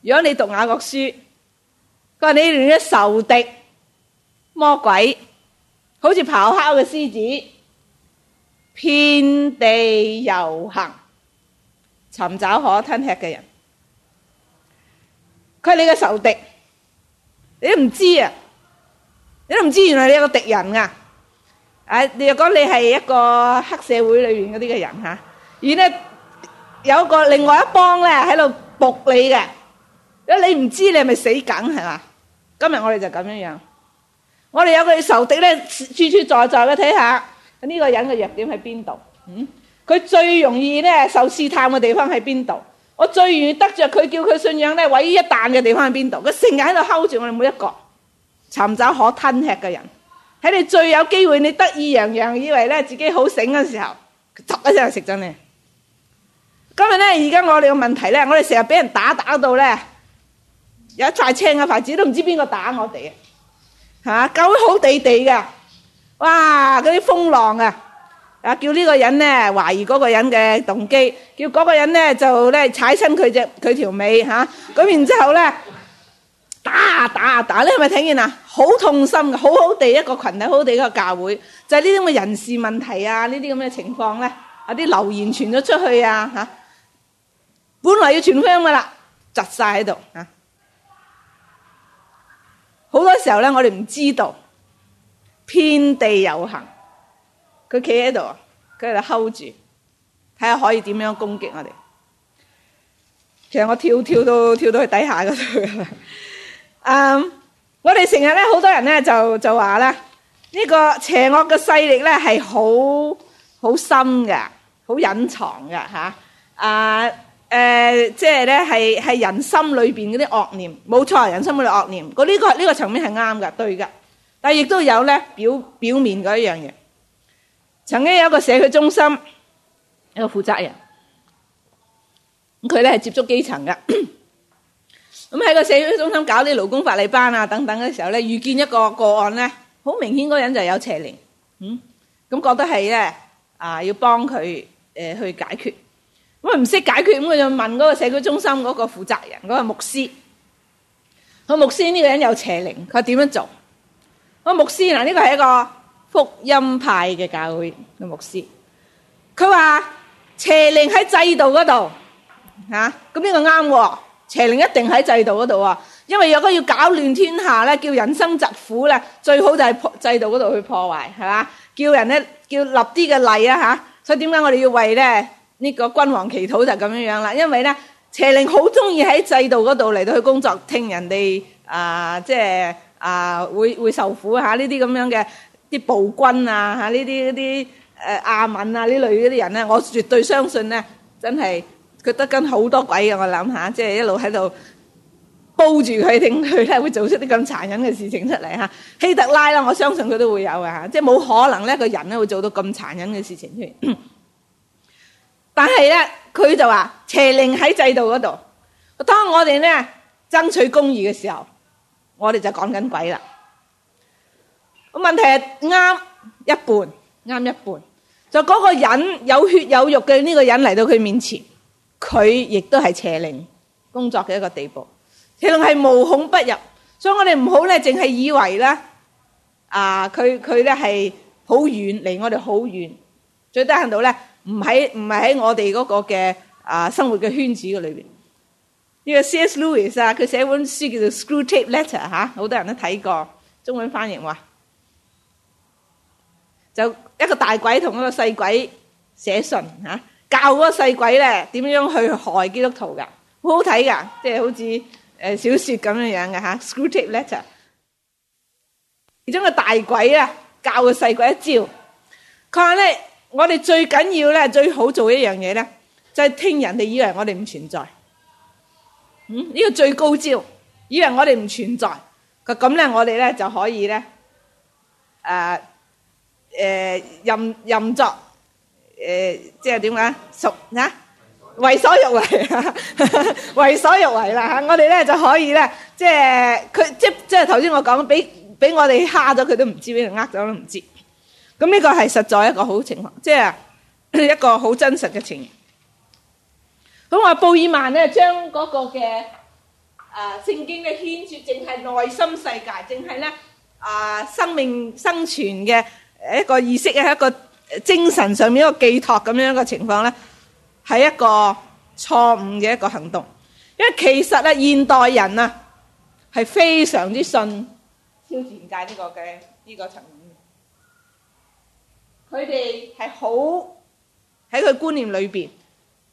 如果你讀雅各書，佢話你哋啲仇敵魔鬼好似咆哮嘅獅子，遍地遊行，尋找可吞吃嘅人，佢係你嘅仇敵，你都唔知啊！你都唔知原來你有個敵人噶，啊！你若講你係一個黑社會裏面嗰啲嘅人吓，而咧有一個另外一幫咧喺度伏你嘅，咁你唔知你係咪死梗係嘛？今日我哋就咁樣樣，我哋有個仇敵咧，處處在在嘅睇下呢個人嘅弱點喺邊度？嗯，佢最容易咧受試探嘅地方喺邊度？我最容易得著佢叫佢信仰咧毀於一旦嘅地方喺邊度？佢成日喺度睺住我哋每一個。尋找可吞吃嘅人，喺你最有機會，你得意洋洋，以為咧自己好醒嘅時候，突一聲就食咗你。今日咧，而家我哋嘅問題咧，我哋成日俾人打打到咧，有一塊青嘅牌子都唔知邊個打我哋，吓、啊，狗好地地嘅，哇，嗰啲風浪啊，啊，叫呢個人咧懷疑嗰個人嘅動機，叫嗰個人咧就咧踩親佢隻佢條尾，吓，咁然之後咧。打啊打啊打！你係咪睇見啊？好痛心嘅，好好地一個群體，好好地一個教會，就係呢啲咁嘅人事問題啊，呢啲咁嘅情況咧、啊，啊啲留言傳咗出去啊吓、啊，本來要傳香噶啦，窒晒喺度！好多時候咧，我哋唔知道，遍地遊行，佢企喺度，佢就 hold 住，睇下可以點樣攻擊我哋。其實我跳跳到跳到去底下嗰度。嗯，um, 我哋成日咧，好多人咧就就話咧，呢個邪惡嘅勢力咧係好好深嘅，好隱藏嘅吓。啊，誒，即係咧係係人心裏邊嗰啲惡念，冇錯，人心裏惡念，呢個呢個層面係啱嘅，對噶。但係亦都有咧表表面嗰一樣嘢。曾經有一個社區中心一個負責人，咁佢咧係接觸基層嘅。 咁喺個社區中心搞啲勞工法例班啊等等嘅時候咧，遇見一個個案咧，好明顯嗰人就有邪靈，嗯，咁覺得係咧，啊，要幫佢誒去解決。咁佢唔識解決，咁佢就問嗰個社區中心嗰個負責人，嗰、嗰個牧師。嗰個牧師，呢個人有邪靈，佢點樣做？嗰個牧師嗱，呢、呢個係一個福音派嘅教會嘅牧師，佢話邪靈喺制度嗰度，吓咁呢個啱喎。邪靈一定喺制度嗰度啊，因為若果要搞亂天下咧，叫人生疾苦咧，最好就係破制度嗰度去破壞，係嘛？叫人咧，叫立啲嘅例啊，吓！所以點解我哋要為咧呢、這個君王祈禱就咁樣樣啦？因為咧，邪靈好中意喺制度嗰度嚟到去工作，聽人哋啊，即係啊，會會受苦吓呢啲咁樣嘅啲暴君啊吓呢啲啲誒阿敏啊呢類嗰啲人咧，我絕對相信咧，真係。佢得跟好多鬼嘅，我諗下，即係一路喺度煲住佢，定佢咧會做出啲咁殘忍嘅事情出嚟嚇。希特拉啦，我相信佢都會有嘅嚇，即係冇可能咧，個人咧會做到咁殘忍嘅事情出嚟。但係咧，佢就話邪靈喺制度嗰度。當我哋咧爭取公義嘅時候，我哋就講緊鬼啦。咁問題係啱一半，啱一半就嗰個人有血有肉嘅呢個人嚟到佢面前。佢亦都係邪靈工作嘅一個地步，邪靈係無孔不入，所以我哋唔好咧，淨係以為咧，啊、呃，佢佢咧係好遠，離我哋好遠，最低限度咧，唔喺唔係喺我哋嗰個嘅啊、呃、生活嘅圈子嘅裏面。呢、這個 C.S. Lewis 啊，佢寫本書叫做《Screw Tape Letter》嚇，好多人都睇過，中文翻譯話就一個大鬼同一個細鬼寫信嚇。啊教嗰個細鬼咧，點樣去害基督徒噶？好好睇噶，即係好似誒小說咁樣樣嘅吓。Screwtape Letters，其中個大鬼啊，教個細鬼一招。佢話咧，我哋最緊要咧，最好做一樣嘢咧，就係聽人哋以為我哋唔存在。嗯，呢個最高招，以為我哋唔存在，咁咧我哋咧就可以咧，誒誒任任作。誒，即係點講？熟吓，為所欲為，為所欲為啦吓！我哋咧就可以咧，即係佢即即係頭先我講，俾俾我哋蝦咗，佢都唔知俾佢呃咗都唔知。咁呢個係實在一個好情況，即係一個好真實嘅情形。咁話布爾曼咧，將嗰個嘅誒聖經咧牽涉淨係內心世界，淨係咧啊生命生存嘅一個意識嘅一個。精神上面一個寄託咁樣一個情況咧，係一個錯誤嘅一個行動，因為其實咧現代人啊係非常之信超自然界呢個嘅呢個層面，佢哋係好喺佢觀念裏邊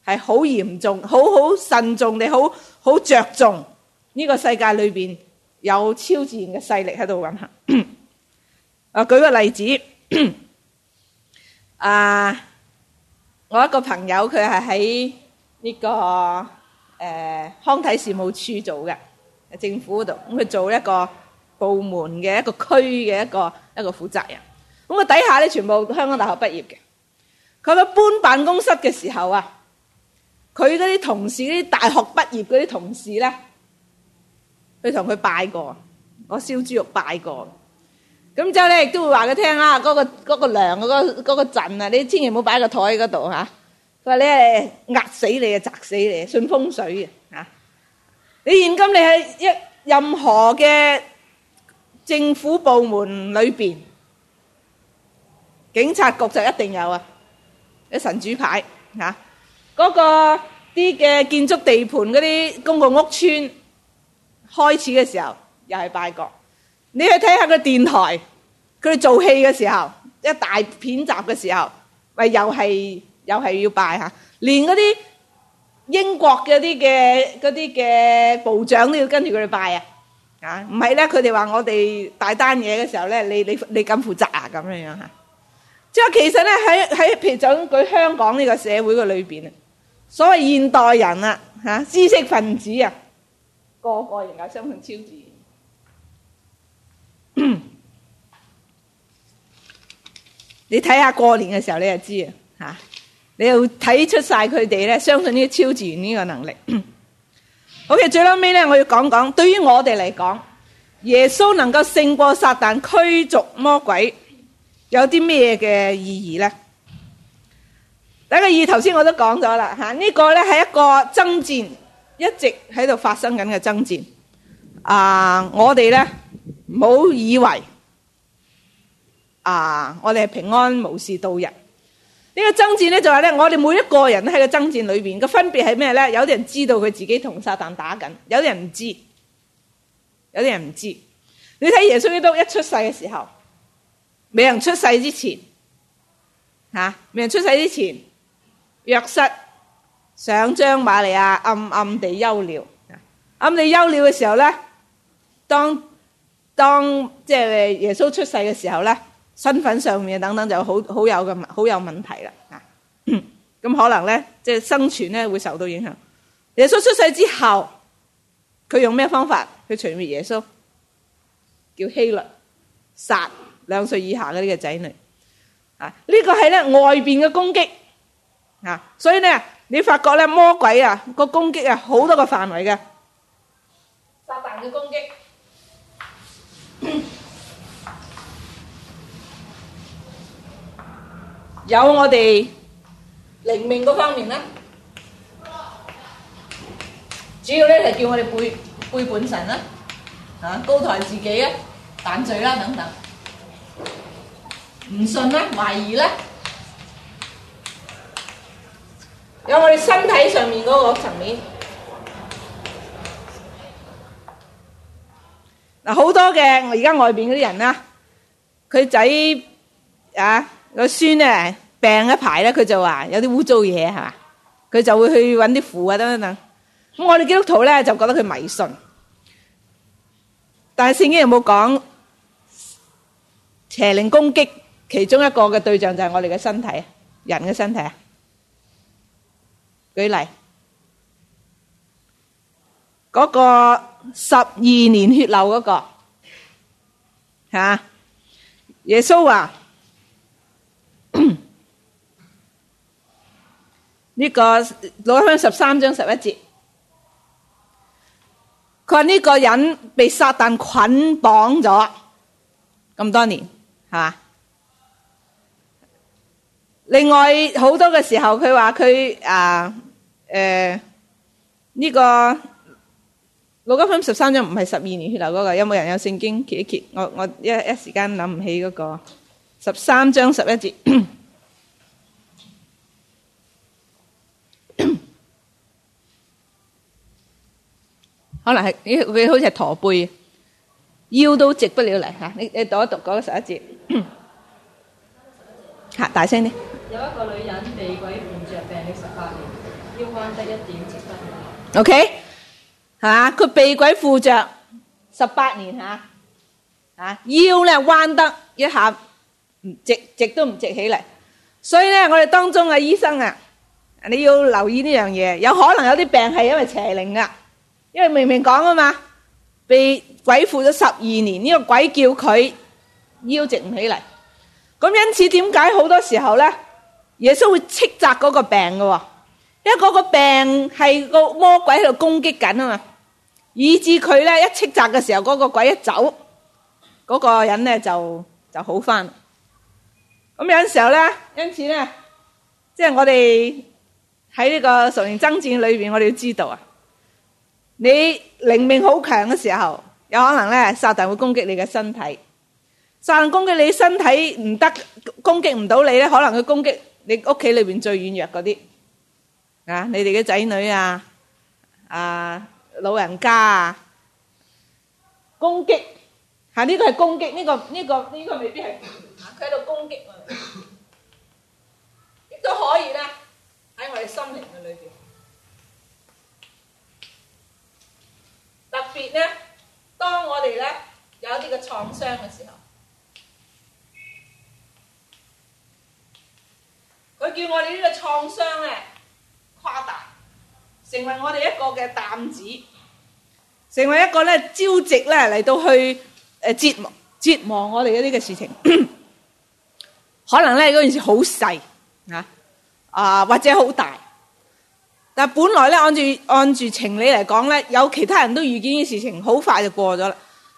係好嚴重、好好慎重地好好着重呢個世界裏邊有超自然嘅勢力喺度運行。啊， 舉個例子。 啊！Uh, 我一個朋友他是在，這個，佢係喺呢個誒康體事務處做嘅，政府嗰度，咁佢做一個部門嘅一個區嘅一個一個負責人。咁佢底下咧全部都是香港大學畢業嘅。佢喺搬辦公室嘅時候啊，佢嗰啲同事啲大學畢業嗰啲同事咧，去同佢拜過，我燒豬肉拜過。咁之後咧，亦都會話佢聽啦。嗰、嗰個嗰、嗰個梁嗰嗰、嗰個陣啊、嗰個，你千祈唔好擺個台喺嗰度啊。佢話咧壓死你啊，砸死你！信風水啊。你現今你喺一任何嘅政府部門裏邊，警察局就一定有啊啲神主牌嚇。嗰、啊嗰個啲嘅建築地盤嗰啲公共屋邨開始嘅時候，又係拜國。你去睇下個電台，佢哋做戲嘅時候，一大片集嘅時候，喂又係又係要拜嚇，連嗰啲英國嘅啲嘅嗰啲嘅部長都要跟住佢哋拜啊，啊唔係咧，佢哋話我哋大單嘢嘅時候咧，你你你咁負責啊咁樣樣嚇，即係其實咧喺喺譬如就咁香港呢個社會嘅裏邊啊，所謂現代人啦嚇知識分子啊，個個人家相信超自然。 你睇下過年嘅時候你、啊，你就知啊吓，你又睇出晒佢哋咧，相信呢超自然呢個能力。 OK，最後尾咧，我要講講，對於我哋嚟講，耶穌能夠勝過撒旦驅逐魔鬼，有啲咩嘅意義咧？第一個意義頭先我都講咗啦吓，啊這個，呢個咧係一個爭戰，一直喺度發生緊嘅爭戰啊！我哋咧。冇以為啊，我哋係平安無事度日。呢、這個爭戰咧就係咧，我哋每一個人都喺個爭戰裏邊，個分別係咩咧？有啲人知道佢自己同撒旦打緊，有啲人唔知道，有啲人唔知道。你睇耶穌基督一出世嘅時候，未人出世之前，吓未人出世之前，約瑟想將瑪利亞暗暗地休了。暗暗地休了嘅時候咧，當。當即係耶穌出世嘅時候咧，身份上面等等就好好有好好有咁好有問題啦。咁 可能咧，即係生存咧會受到影響。耶穌出世之後，佢用咩方法去除滅耶穌？叫希律殺兩歲以下嗰啲嘅仔女。啊，呢個係咧外邊嘅攻擊啊，所以咧你發覺咧魔鬼啊個攻擊啊，好多個範圍嘅彈嘅攻擊。有我哋靈命嗰方面啦，主要咧係叫我哋背背本神啦，啊高抬自己啊，犯罪啦等等，唔信啦，懷疑啦，有我哋身體上面嗰個層面嗱，好多嘅我而家外面嗰啲人啦，佢仔啊個孫咧。病一排咧，佢就話有啲污糟嘢，係嘛，佢就會去揾啲符啊等等。咁我哋基督徒咧就覺得佢迷信，但係聖經有冇講邪靈攻擊其中一個嘅對象就係我哋嘅身體，人嘅身體。舉例，嗰個十二年血漏嗰個，吓耶穌話，呢、這個《路加福音十三章十一節》，佢話呢個人被撒旦捆綁咗咁多年，係嘛？另外好多嘅時候，佢話佢啊誒呢個《路加福音十三章》唔係十二年血流嗰個，有冇人有聖經揭一揭？我我一一時間諗唔起嗰，那個十三章十一節。可能係佢好似係駝背，腰都直不了嚟吓。你你讀一讀嗰個十一節，吓，大聲啲。有一個女人被鬼附着，病了十八年，腰彎得一點。OK，係嘛？佢被鬼附着十八年吓，啊腰咧彎得一下，唔直，直都唔直起嚟。所以咧，我哋當中嘅醫生啊。你要留意呢樣嘢，有可能有啲病係因為邪靈啊，因為明明講啊嘛，被鬼附咗十二年，呢個鬼叫佢腰直唔起嚟，咁因此點解好多時候咧，耶穌會斥責嗰個病嘅，因為嗰個病係個魔鬼喺度攻擊緊啊嘛，以至佢咧一斥責嘅時候，嗰個鬼一走，嗰個人咧就就好翻。咁有陣時候咧，因此咧，即係我哋。喺呢個屬靈爭戰裏邊，我哋要知道啊！你靈命好強嘅時候，有可能咧，撒旦會攻擊你嘅身體。撒旦攻擊你身體唔得，攻擊唔到你咧，可能佢攻擊你屋企裏邊最軟弱嗰啲啊！你哋嘅仔女啊，啊老人家啊，攻擊吓呢個係攻擊呢個呢個呢個未必係吓佢喺度攻擊啊！亦都可以咧。喺我哋心靈嘅裏邊，特別咧，當我哋咧有啲嘅創傷嘅時候，佢叫我哋呢個創傷咧誇大，成為我哋一個嘅擔子，成為一個咧招積咧嚟到去誒折磨折磨我哋嘅呢個事情，可能咧嗰件事好細啊。啊，或者好大，但本來咧，按住按住情理嚟講咧，有其他人都遇見嘅事情，好快就過咗啦。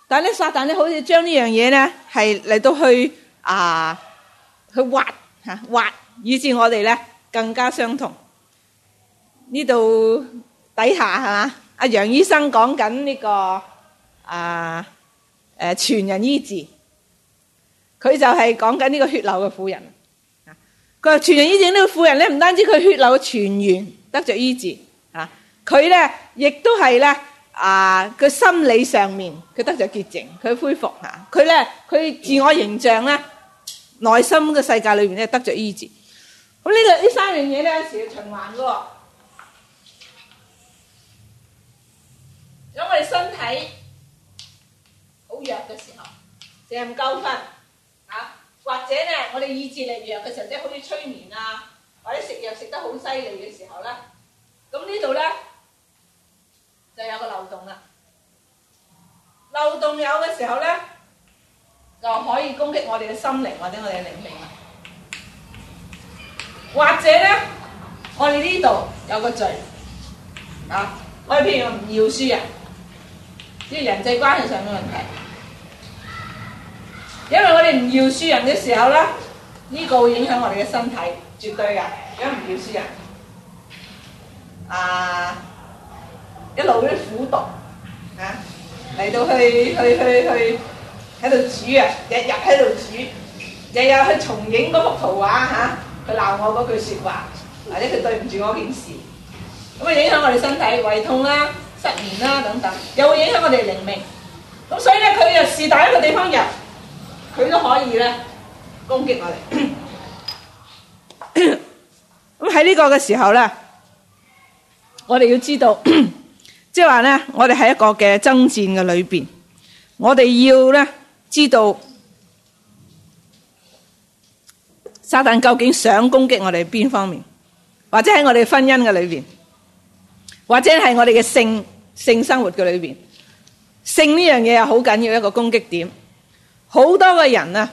但係咧，撒旦咧好似將呢樣嘢咧，係嚟到去啊，去挖吓、啊、挖，以至我哋咧更加相同。呢度底下係嘛？阿楊醫生講緊呢個啊誒全人醫治，佢就係講緊呢個血流嘅婦人。佢全人醫治呢個婦人咧，唔單止佢血流全完得著醫治嚇，佢咧亦都係咧啊，佢心理上面佢得著潔淨，佢恢復嚇，佢咧佢自我形象咧，內心嘅世界裏面咧得著醫治。咁呢個呢三樣嘢咧，有時要循環嘅。因為身體好弱嘅時候，就唔夠力。或者咧，我哋意志力弱嘅時候，即係好似催眠啊，或者食藥食得好犀利嘅時候咧，咁呢度咧就有個漏洞啦。漏洞有嘅時候咧，就可以攻擊我哋嘅心靈或者我哋嘅靈命啦。或者咧，我哋呢度有個罪啊，我哋譬如唔要輸啊，呢個人際關係上嘅問題。因為我哋唔饒恕人嘅時候咧，呢、這個會影響我哋嘅身體，絕對噶。而家唔饒恕人，啊，一路嗰苦毒，吓、啊、嚟到去去去去喺度煮啊，日日喺度煮，日日去重影嗰幅圖畫吓，佢、啊、鬧我嗰句說話，或者佢對唔住我件事，咁啊會影響我哋身體胃痛啦、失眠啦等等，又會影響我哋靈命。咁所以呢，佢又是打一個地方入。佢都可以咧攻擊我哋。咁喺呢個嘅時候咧，我哋要知道，即係話咧，我哋喺一個嘅爭戰嘅裏邊，我哋要咧知道，撒旦究竟想攻擊我哋邊方面，或者喺我哋婚姻嘅裏邊，或者係我哋嘅性性生活嘅裏邊，性呢樣嘢係好緊要一個攻擊點。好多嘅人啊，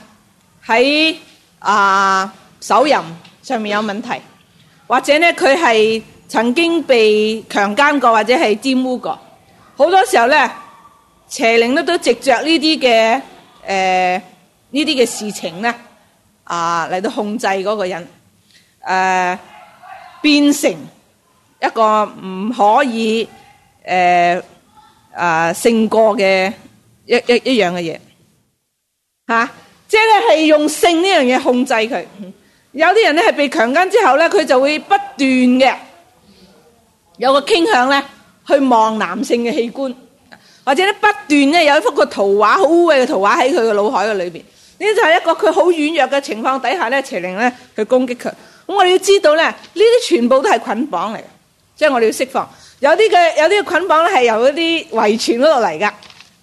喺、呃、啊手淫上面有問題，或者咧佢係曾經被強姦過，或者係玷污過。好多時候咧，邪靈咧都藉著呢啲嘅誒呢啲嘅事情咧啊嚟到控制嗰個人，誒、呃、變成一個唔可以誒啊勝過嘅一一一,一樣嘅嘢。吓、啊，即係咧係用性呢樣嘢控制佢。有啲人咧係被強姦之後咧，佢就會不斷嘅有個傾向咧去望男性嘅器官，或者咧不斷咧有一幅個圖畫，好污穢嘅圖畫喺佢嘅腦海嘅裏邊。呢就係一個佢好軟弱嘅情況底下咧，邪靈咧去攻擊佢。咁我哋要知道咧，呢啲全部都係捆綁嚟嘅，即係我哋要釋放。有啲嘅有啲嘅捆綁咧係由一啲遺傳嗰度嚟噶。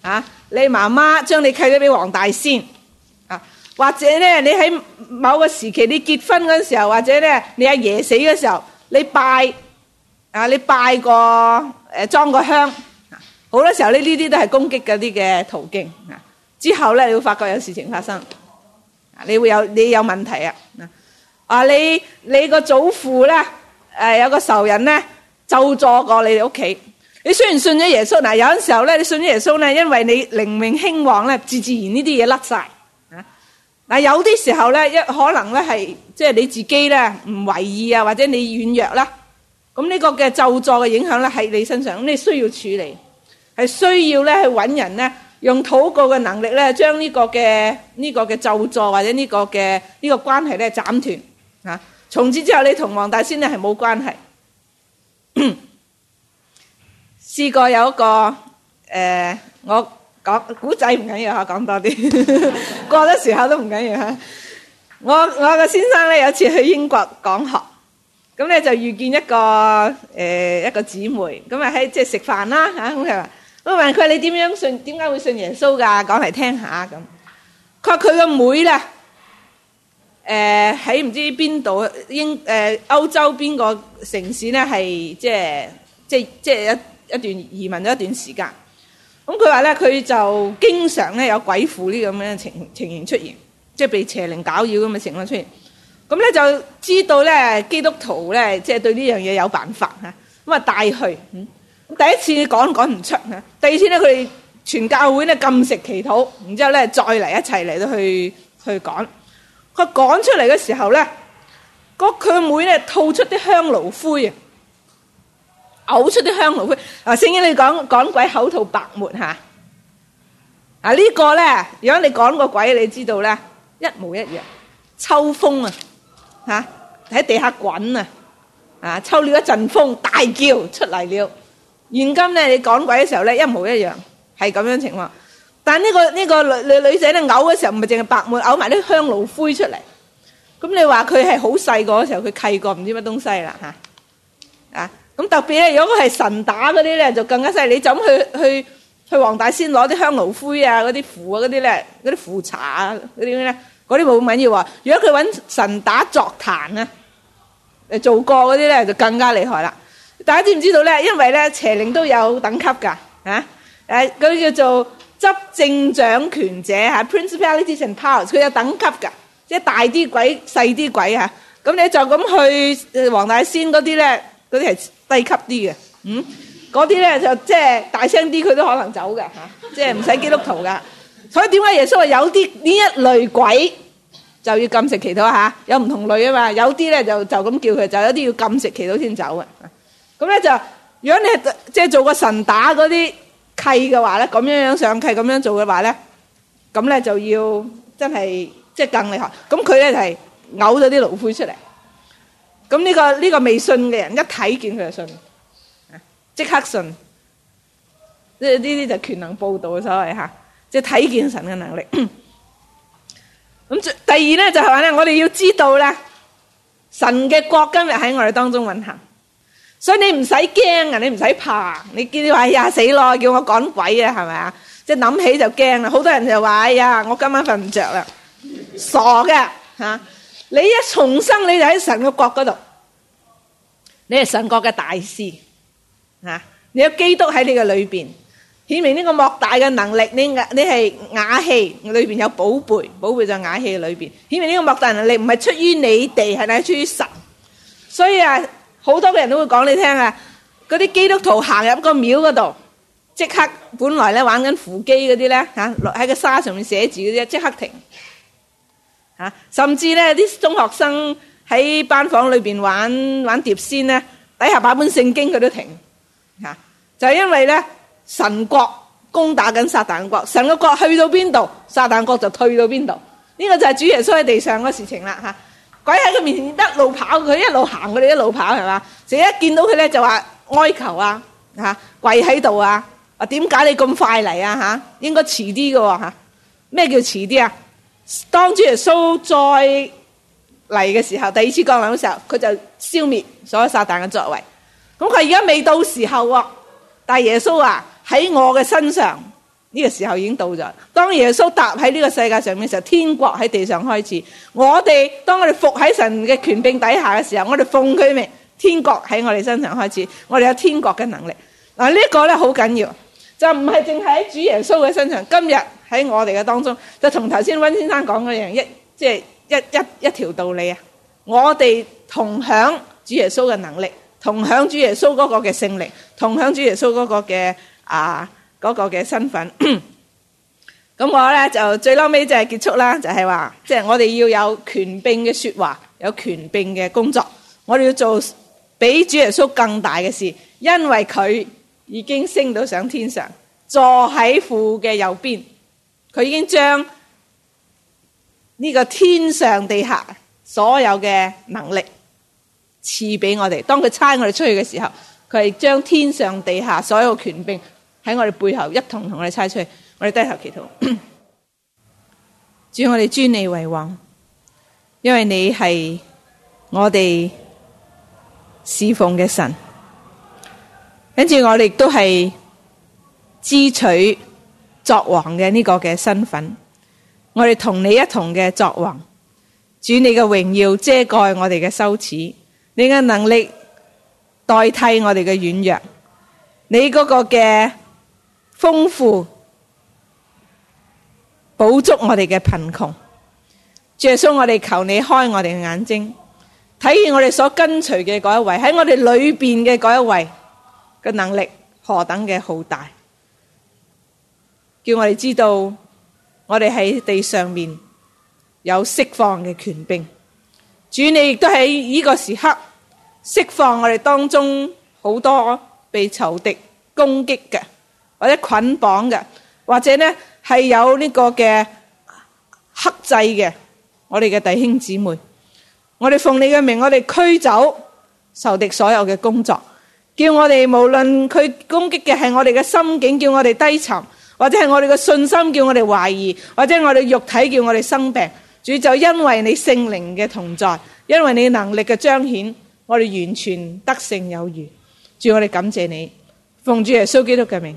啊，你媽媽將你契咗俾黃大仙。啊，或者咧，你喺某個時期你結婚嗰時候，或者咧你阿爺死嘅時候，你拜啊，你拜個誒、啊，裝個香，好、啊、多時候呢，呢啲都係攻擊嗰啲嘅途徑。啊、之後咧，你會發覺有事情發生，啊、你會有你有問題啊。啊，你你個祖父咧，誒、啊、有個仇人咧，就坐過你哋屋企。你雖然信咗耶穌，嗱、啊，有陣時候咧，你信咗耶穌咧，因為你靈命興旺咧，自自然呢啲嘢甩晒。嗱，有啲時候咧，一可能咧係即係你自己咧唔為意啊，或者你軟弱啦，咁呢個嘅咒助嘅影響咧喺你身上，咁你需要處理，係需要咧去揾人咧用禱告嘅能力咧、呢個，將、呢、呢個嘅呢個嘅咒助或者呢個嘅呢、呢個關係咧斬斷，從、從此之後你同黃大仙咧係冇關係。試 過有一個誒、呃，我。講古仔唔緊要吓，講多啲過咗時候都唔緊要吓。我我個先生咧有次去英國講學，咁咧就遇見一個誒一個姊妹，咁啊喺即係食飯啦吓，咁佢話喂，問佢你點樣信？點解會信耶穌噶？講嚟聽下咁。佢話佢個妹咧，誒喺唔知邊度英誒歐洲邊個城市咧係即係即係即係一一段移民咗一段時間。咁佢話咧，佢就經常咧有鬼附呢咁樣嘅情情形出現，即係被邪靈搞擾咁嘅情況出現。咁咧就知道咧基督徒咧即係對呢樣嘢有辦法嚇，咁啊帶去。咁第一次講講唔出，第二天第二次咧佢哋全教會咧禁食祈禱，然之後咧再嚟一齊嚟到去去講。佢趕出嚟嘅時候咧，個佢妹咧吐出啲香爐灰啊！嘔出啲香爐灰啊！聖經，你講趕鬼口吐白沫吓啊！呢個咧，如果你趕個鬼，你知道咧，一模一樣。抽風啊，吓喺地下滾啊，啊抽了一陣風，大叫出嚟了。現今咧，你趕鬼嘅時候咧，一模一樣係咁樣情況。但係呢個呢個女女女仔咧，嘔嘅時候唔係淨係白沫，嘔埋啲香爐灰出嚟。咁你話佢係好細個嘅時候，佢契過唔知乜東西啦吓啊！咁特別咧，如果佢係神打嗰啲咧，就更加犀利。就咁去去去黃大仙攞啲香爐灰啊，嗰啲符啊，嗰啲咧，嗰啲符茶啊，嗰啲咧，嗰啲冇咁緊要啊？如果佢搵神打作壇啊，誒做過嗰啲咧，就更加厲害啦。大家知唔知道咧？因為咧邪靈都有等級㗎嚇，誒嗰啲叫做執政掌權者 principalities and powers 佢有等級㗎，即係大啲鬼、細啲鬼嚇。咁你就咁去黃大仙嗰啲咧，嗰啲係。低級啲嘅，嗯，嗰啲咧就即係大聲啲，佢都可能走嘅嚇，即係唔使基督徒噶。所以點解耶穌話有啲呢一類鬼就要禁食祈禱嚇？有唔同類啊嘛，有啲咧就就咁叫佢，就有一啲要禁食祈禱先走嘅。咁咧就如果你係即係做個神打嗰啲契嘅話咧，咁樣樣上契咁樣做嘅話咧，咁咧就要真係即係更厲害。咁佢咧就係嘔咗啲爐灰出嚟。咁呢、這個呢、這個未信嘅人一睇見佢就信，即刻信。呢呢啲就權能報道所謂吓，即係睇見神嘅能力。咁 第二咧就係話咧，我哋要知道咧，神嘅國今日喺我哋當中運行，所以你唔使驚啊，你唔使怕。你見話哎呀死咯，叫我趕鬼啊，係咪啊？即係諗起就驚啦，好多人就話哎呀，我今晚瞓唔着啦，傻嘅吓。啊你一重生你就喺神嘅國嗰度，你係神國嘅大師，吓，你有基督喺你嘅裏邊，顯明呢個莫大嘅能力。你你係瓦器裏邊有寶貝，寶貝在瓦器裏邊，顯明呢個莫大能力唔係出於你哋，係乃出於神。所以啊，好多嘅人都會講你聽啊，嗰啲基督徒行入一個廟嗰度，即刻本來咧玩緊扶乩嗰啲咧吓，落喺個沙上面寫字嗰啲，即刻停。甚至咧啲中學生喺班房裏面玩玩碟仙咧，底下擺本聖經佢都停、啊、就係因為咧神國攻打緊撒旦國，神嘅國去到邊度，撒旦國就退到邊度。呢、這個就係主耶穌喺地上嘅事情啦嚇、啊。鬼喺佢面前一路跑，佢一路行，佢哋一,一路跑係嘛？成日一見到佢咧就話哀求啊跪喺度啊啊！點解、啊、你咁快嚟啊嚇、啊？應該遲啲㗎喎。咩叫遲啲啊？啊當主耶穌再嚟嘅時候，第二次降臨嘅時候，佢就消滅所有撒旦嘅作為。咁佢而家未到時候喎，但係耶穌話喺我嘅身上呢個時候已經到咗。當耶穌踏喺呢個世界上面嘅時候，天國喺地上開始。我哋當我哋服喺神嘅權柄底下嘅時候，我哋奉佢命，天國喺我哋身上開始。我哋有天國嘅能力。嗱、呢個咧好緊要。就唔係淨喺主耶穌嘅身上，今日喺我哋嘅當中，就同頭先溫先生講嘅一樣，一即係一一一條道理啊！我哋同享主耶穌嘅能力，同享主耶穌嗰個嘅勝利，同享主耶穌嗰個嘅啊個嘅身份。咁 我咧就最屘尾就係結束啦，就係話即係我哋要有權柄嘅說話，有權柄嘅工作，我哋要做比主耶穌更大嘅事，因為佢。已經升到上天上，坐喺父嘅右邊，佢已經將呢個天上地下所有嘅能力賜俾我哋。當佢差我哋出去嘅時候，佢係將天上地下所有權柄喺我哋背後一同同我哋差出去。我哋低頭祈禱，主 我哋尊你為王，因為你係我哋侍奉嘅神。跟住我哋都係支取作王嘅呢個嘅身份，我哋同你一同嘅作王。主，你嘅榮耀遮蓋我哋嘅羞恥，你嘅能力代替我哋嘅軟弱，你嗰個嘅豐富補足我哋嘅貧窮，借出我哋，求你開我哋嘅眼睛，睇見我哋所跟隨嘅嗰一位，喺我哋裏邊嘅嗰一位。嘅能力何等嘅好大，叫我哋知道，我哋喺地上面有釋放嘅權柄。主你亦都喺呢個時刻釋放我哋當中好多被仇敵攻擊嘅，或者捆綁嘅，或者呢係有呢個嘅克制嘅。我哋嘅弟兄姊妹，我哋奉你嘅名，我哋驅走仇敵所有嘅工作。叫我哋無論佢攻擊嘅係我哋嘅心境，叫我哋低沉，或者係我哋嘅信心，叫我哋懷疑，或者係我哋肉體，叫我哋生病。主就因為你聖靈嘅同在，因為你能力嘅彰顯，我哋完全得勝有餘。主，我哋感謝你。奉主耶穌基督嘅名。